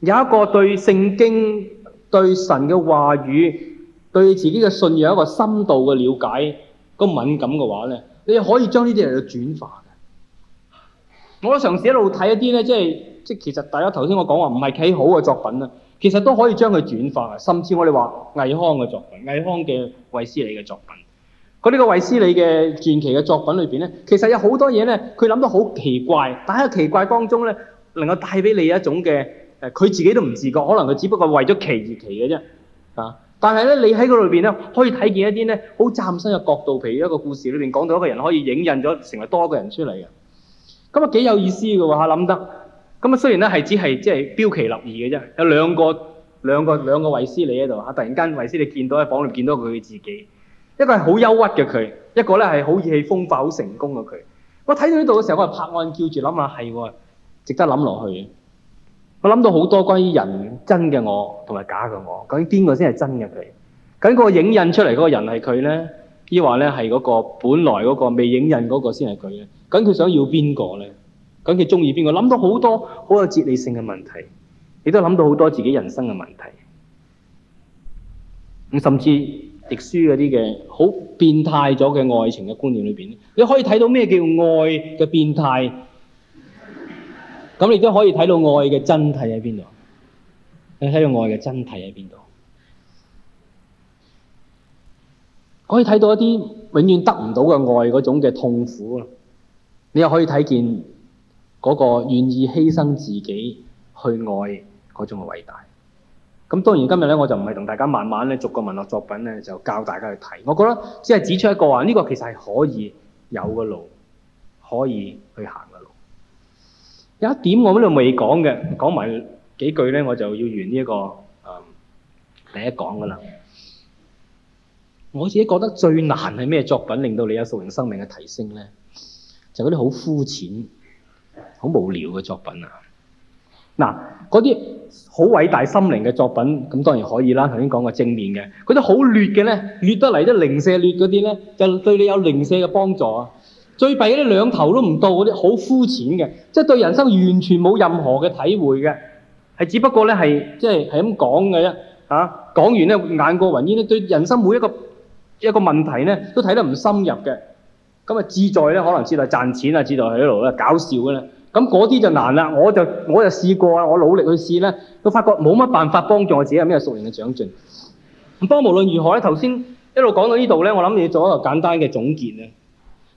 有一個對聖經、對神嘅話語、對自己嘅信仰一個深度嘅了解、個敏感嘅話咧，你可以將呢啲嚟到轉化。我嘗試一路睇一啲咧，即係即係其實大家頭先我講話唔係幾好嘅作品啊。其實都可以將佢轉化，甚至我哋話倪匡嘅作品，倪匡嘅衛斯理嘅作品。佢、這、呢個衛斯理嘅傳奇嘅作品裏面咧，其實有好多嘢咧，佢諗到好奇怪，但喺奇怪當中咧，能夠帶俾你一種嘅誒，佢自己都唔自覺，可能佢只不過為咗奇而奇嘅啫啊！但係咧，你喺嗰裏面咧，可以睇見一啲咧好嶄新嘅角度，譬如一個故事裏面講到一個人可以影印咗成為多個個人出嚟嘅，咁啊幾有意思嘅喎嚇，諗得。咁啊，雖然咧係只係即係標奇立異嘅啫，有兩個兩個兩個衛斯理喺度嚇，突然間衛斯理見到喺房裏見見到佢自己，一個係好憂鬱嘅佢，一個咧係好意氣風發、好成功嘅佢。我睇到呢度嘅時候，我係拍案叫住諗下係，值得諗落去嘅。我諗到好多關於人真嘅我同埋假嘅我，究竟邊個先係真嘅佢？究竟個影印出嚟嗰個人係佢咧，抑或咧係嗰個本來嗰個未影印嗰個先係佢咧？咁佢想要邊個咧？講究竟佢中意邊個，諗到好多好有哲理性嘅問題，亦都諗到好多自己人生嘅問題。甚至讀書嗰啲嘅好變態咗嘅愛情嘅觀念裏邊，你可以睇到咩叫愛嘅變態？咁你都可以睇到愛嘅真諦喺邊度？你睇到愛嘅真諦喺邊度？可以睇到一啲永遠得唔到嘅愛嗰種嘅痛苦。你又可以睇見。嗰、那個願意犧牲自己去愛嗰種嘅偉大。咁當然今日咧，我就唔係同大家慢慢咧逐個文學作品咧，就教大家去睇。我覺得只係指出一個話呢、這個其實係可以有嘅路，可以去行嘅路。有一點我喺度未講嘅，講埋幾句咧，我就要完呢、這、一個啊、嗯、第一講㗎啦。我自己覺得最難係咩作品令到你有屬靈生命嘅提升咧？就嗰啲好膚淺，好無聊嘅作品啊！嗱，嗰啲好偉大心靈嘅作品，咁當然可以啦。頭先講個正面嘅，嗰啲好劣嘅呢，劣得嚟都零舍劣嗰啲咧，就對你有零舍嘅幫助啊！最弊嗰啲兩頭都唔到嗰啲，好膚淺嘅，即係對人生完全冇任何嘅體會嘅，係只不過呢，係即係係咁講嘅啫。講完呢，眼過雲煙呢，對人生每一個一個問題呢，都睇得唔深入嘅。咁啊，志在咧，可能志在賺錢啊，志在喺度咧搞笑嘅啦。咁嗰啲就難啦。我就我就試過啦，我努力去試咧，都發覺冇乜辦法幫助我自己有咩屬靈嘅長進。不過，無論如何咧，頭先一路講到呢度咧，我諗你做一個簡單嘅總結咧，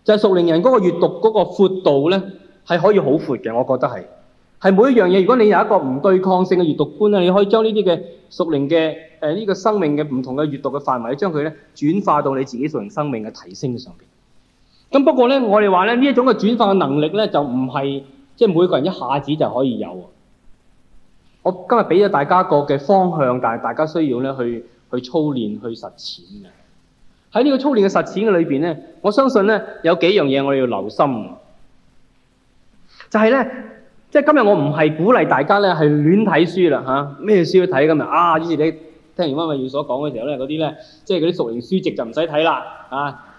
就係屬靈人嗰個閲讀嗰個闊度咧，係可以好闊嘅。我覺得係係每一樣嘢。如果你有一個唔對抗性嘅閲讀觀咧，你可以將呢啲嘅屬靈嘅誒呢個生命嘅唔同嘅閲讀嘅範圍，將佢咧轉化到你自己屬靈生命嘅提升上邊。咁不過咧，我哋話咧呢一種嘅轉化嘅能力咧，就唔係即係每個人一下子就可以有。我今日俾咗大家個嘅方向，但係大家需要咧去去操練、去實踐嘅。喺呢個操練嘅實踐嘅裏面咧，我相信咧有幾樣嘢我哋要留心就呢。就係咧，即係今日我唔係鼓勵大家咧係亂睇書啦嚇，咩、啊、書要睇咁啊！即係你聽完溫偉耀所講嘅時候咧，嗰啲咧即係嗰啲屬靈書籍就唔使睇啦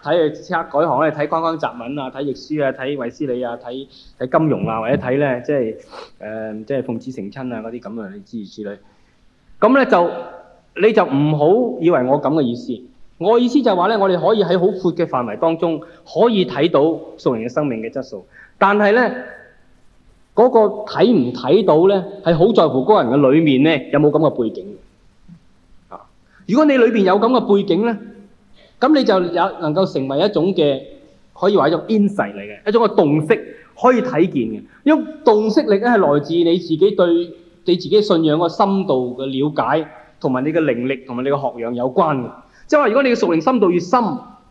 睇去即刻改行，去睇《關關雜文》啊，睇《易書》啊，睇《衛斯理》啊，睇睇金融啊，或者睇咧、呃、即係誒即係《奉子成親》啊嗰啲咁樣嘅諸如此類。咁咧就你就唔好以為我咁嘅意思。我嘅意思就係話咧，我哋可以喺好闊嘅範圍當中可以睇到素人嘅生命嘅質素，但係咧嗰個睇唔睇到咧係好在乎嗰個人嘅裏面咧有冇咁嘅背景。啊，如果你裏邊有咁嘅背景咧。咁你就有能夠成為一種嘅，可以話一種 insight 嚟嘅一種嘅洞悉，可以睇見嘅。因為洞悉力咧係來自你自己對你自己信仰個深度嘅了解，同埋你嘅靈力、同埋你嘅學養有關嘅。即係話如果你嘅屬靈深度越深，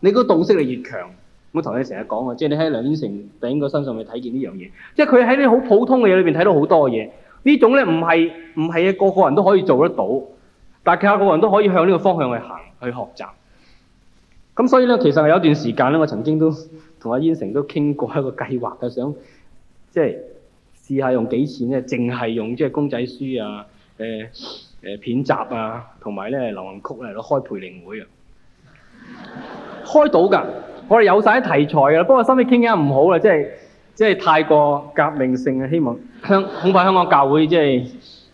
你個洞悉力越強。我頭先成日講嘅，即係你喺梁天成頂個身上面睇見呢樣嘢，即係佢喺啲好普通嘅嘢裏面睇到好多嘢。這種呢種咧唔係唔係一個個人都可以做得到，但係個個人都可以向呢個方向去行去學習。咁所以咧，其實有一段時間咧，我曾經都同阿燕成都傾過一個計劃嘅，想即係試下用幾錢咧，淨係用即係公仔書啊、誒誒片集啊，同埋咧流行曲嚟攞開培靈會啊。 <laughs> 開到㗎，我哋有晒啲題材㗎。不過心諗，傾緊唔好啦，即係即係太過革命性啊，希望香恐怕香港教會即係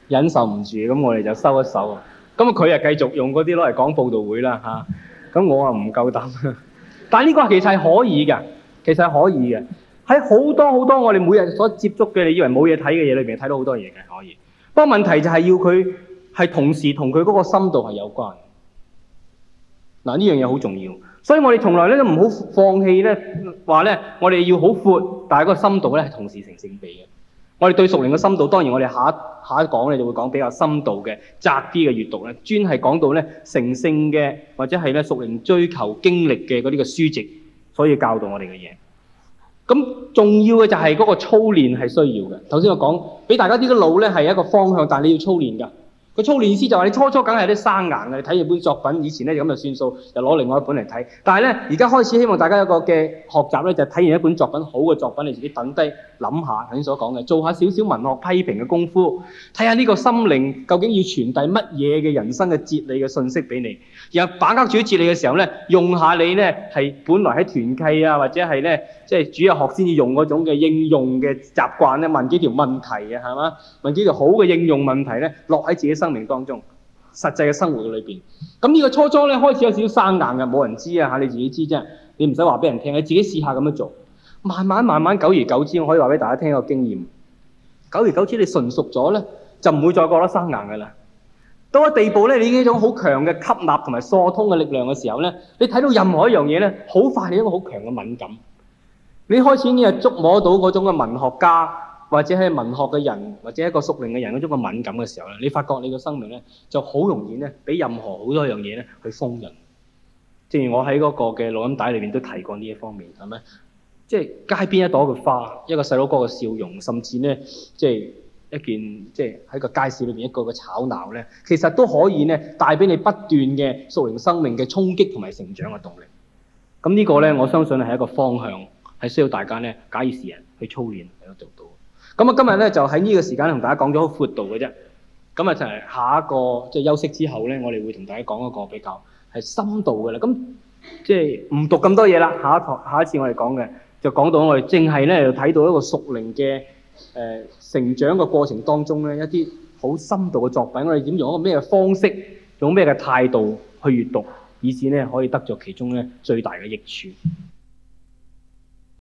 忍受唔住，咁我哋就收一收。咁佢又繼續用嗰啲攞嚟講佈道會啦嚇。咁我啊唔夠膽，但呢個其實係可以㗎，其實係可以嘅。喺好多好多我哋每日所接觸嘅，你以為冇嘢睇嘅嘢裏面，睇到好多嘢嘅可以。不過問題就係要佢係同時同佢嗰個深度係有關的。嗱呢樣嘢好重要，所以我哋從來咧都唔好放棄呢話呢，我哋要好闊，但係嗰個深度呢係同時成正比。我哋對屬靈嘅深度，當然我哋下一下一講咧就會講比較深度嘅窄啲嘅閱讀咧，專係講到呢成聖嘅或者係呢屬靈追求經歷嘅嗰啲嘅書籍，所以教導我哋嘅嘢。咁重要嘅就係嗰個操練係需要嘅。頭先我講俾大家啲嘅路呢係一個方向，但你要操練㗎。個操練師就話：你初初梗係啲生硬嘅，睇完本作品以前咧咁就算數，就攞另外一本嚟睇。但係咧，而家開始希望大家一個嘅學習咧，就係睇完一本作品好嘅作品，你自己等低諗下頭先所講嘅，做下少少文學批評嘅功夫，睇下呢個心靈究竟要傳遞乜嘢嘅人生嘅哲理嘅信息俾你。然後把握住啲哲理嘅時候咧，用下你咧係本來喺團契啊或者係咧即係主日學先至用嗰種嘅應用嘅習慣咧，問幾條問題嘅係嘛？問幾條好嘅應用問題咧，落喺自己。生命當中，實際嘅生活嘅裏邊，咁、這、呢個初裝初初咧開始有少少生硬嘅，冇人知啊嚇，你自己知啫。你唔使話俾人聽，你自己試下咁樣做，慢慢慢慢，久而久之，我可以話俾大家聽一個經驗。久而久之，你純熟咗咧，就唔會再覺得生硬㗎喇。到咗地步咧，你呢種好強嘅吸納同埋疏通嘅力量嘅時候咧，你睇到任何一樣嘢咧，好快你一個好強嘅敏感。你開始已經係觸摸到嗰種嘅文學家。或者係文學嘅人，或者一個屬靈嘅人嗰種嘅敏感嘅時候咧，你發覺你個生命咧就好容易咧，俾任何好多樣嘢咧去封印。正如我喺嗰個嘅錄音帶裏邊都提過呢一方面係咪？即係街邊一朵嘅花，一個細佬哥嘅笑容，甚至呢，即係一件即係喺個街市裏邊一個嘅吵鬧咧，其實都可以咧帶俾你不斷嘅屬靈生命嘅衝擊同埋成長嘅動力。咁呢個咧，我相信係一個方向，係需要大家咧假以時日去操練嚟到做到。咁啊，今日咧就喺呢個時間同大家講咗好闊度嘅啫。咁啊，就係下一個即係、就是、休息之後咧，我哋會同大家講一個比較係深度嘅啦。咁即係唔讀咁多嘢啦。下一堂下一次我哋講嘅就講到我哋淨係咧，睇到一個熟齡嘅誒、呃、成長嘅過程當中咧，一啲好深度嘅作品。我哋點用一個咩方式，用咩嘅態度去閱讀，以至咧可以得著其中咧最大嘅益處。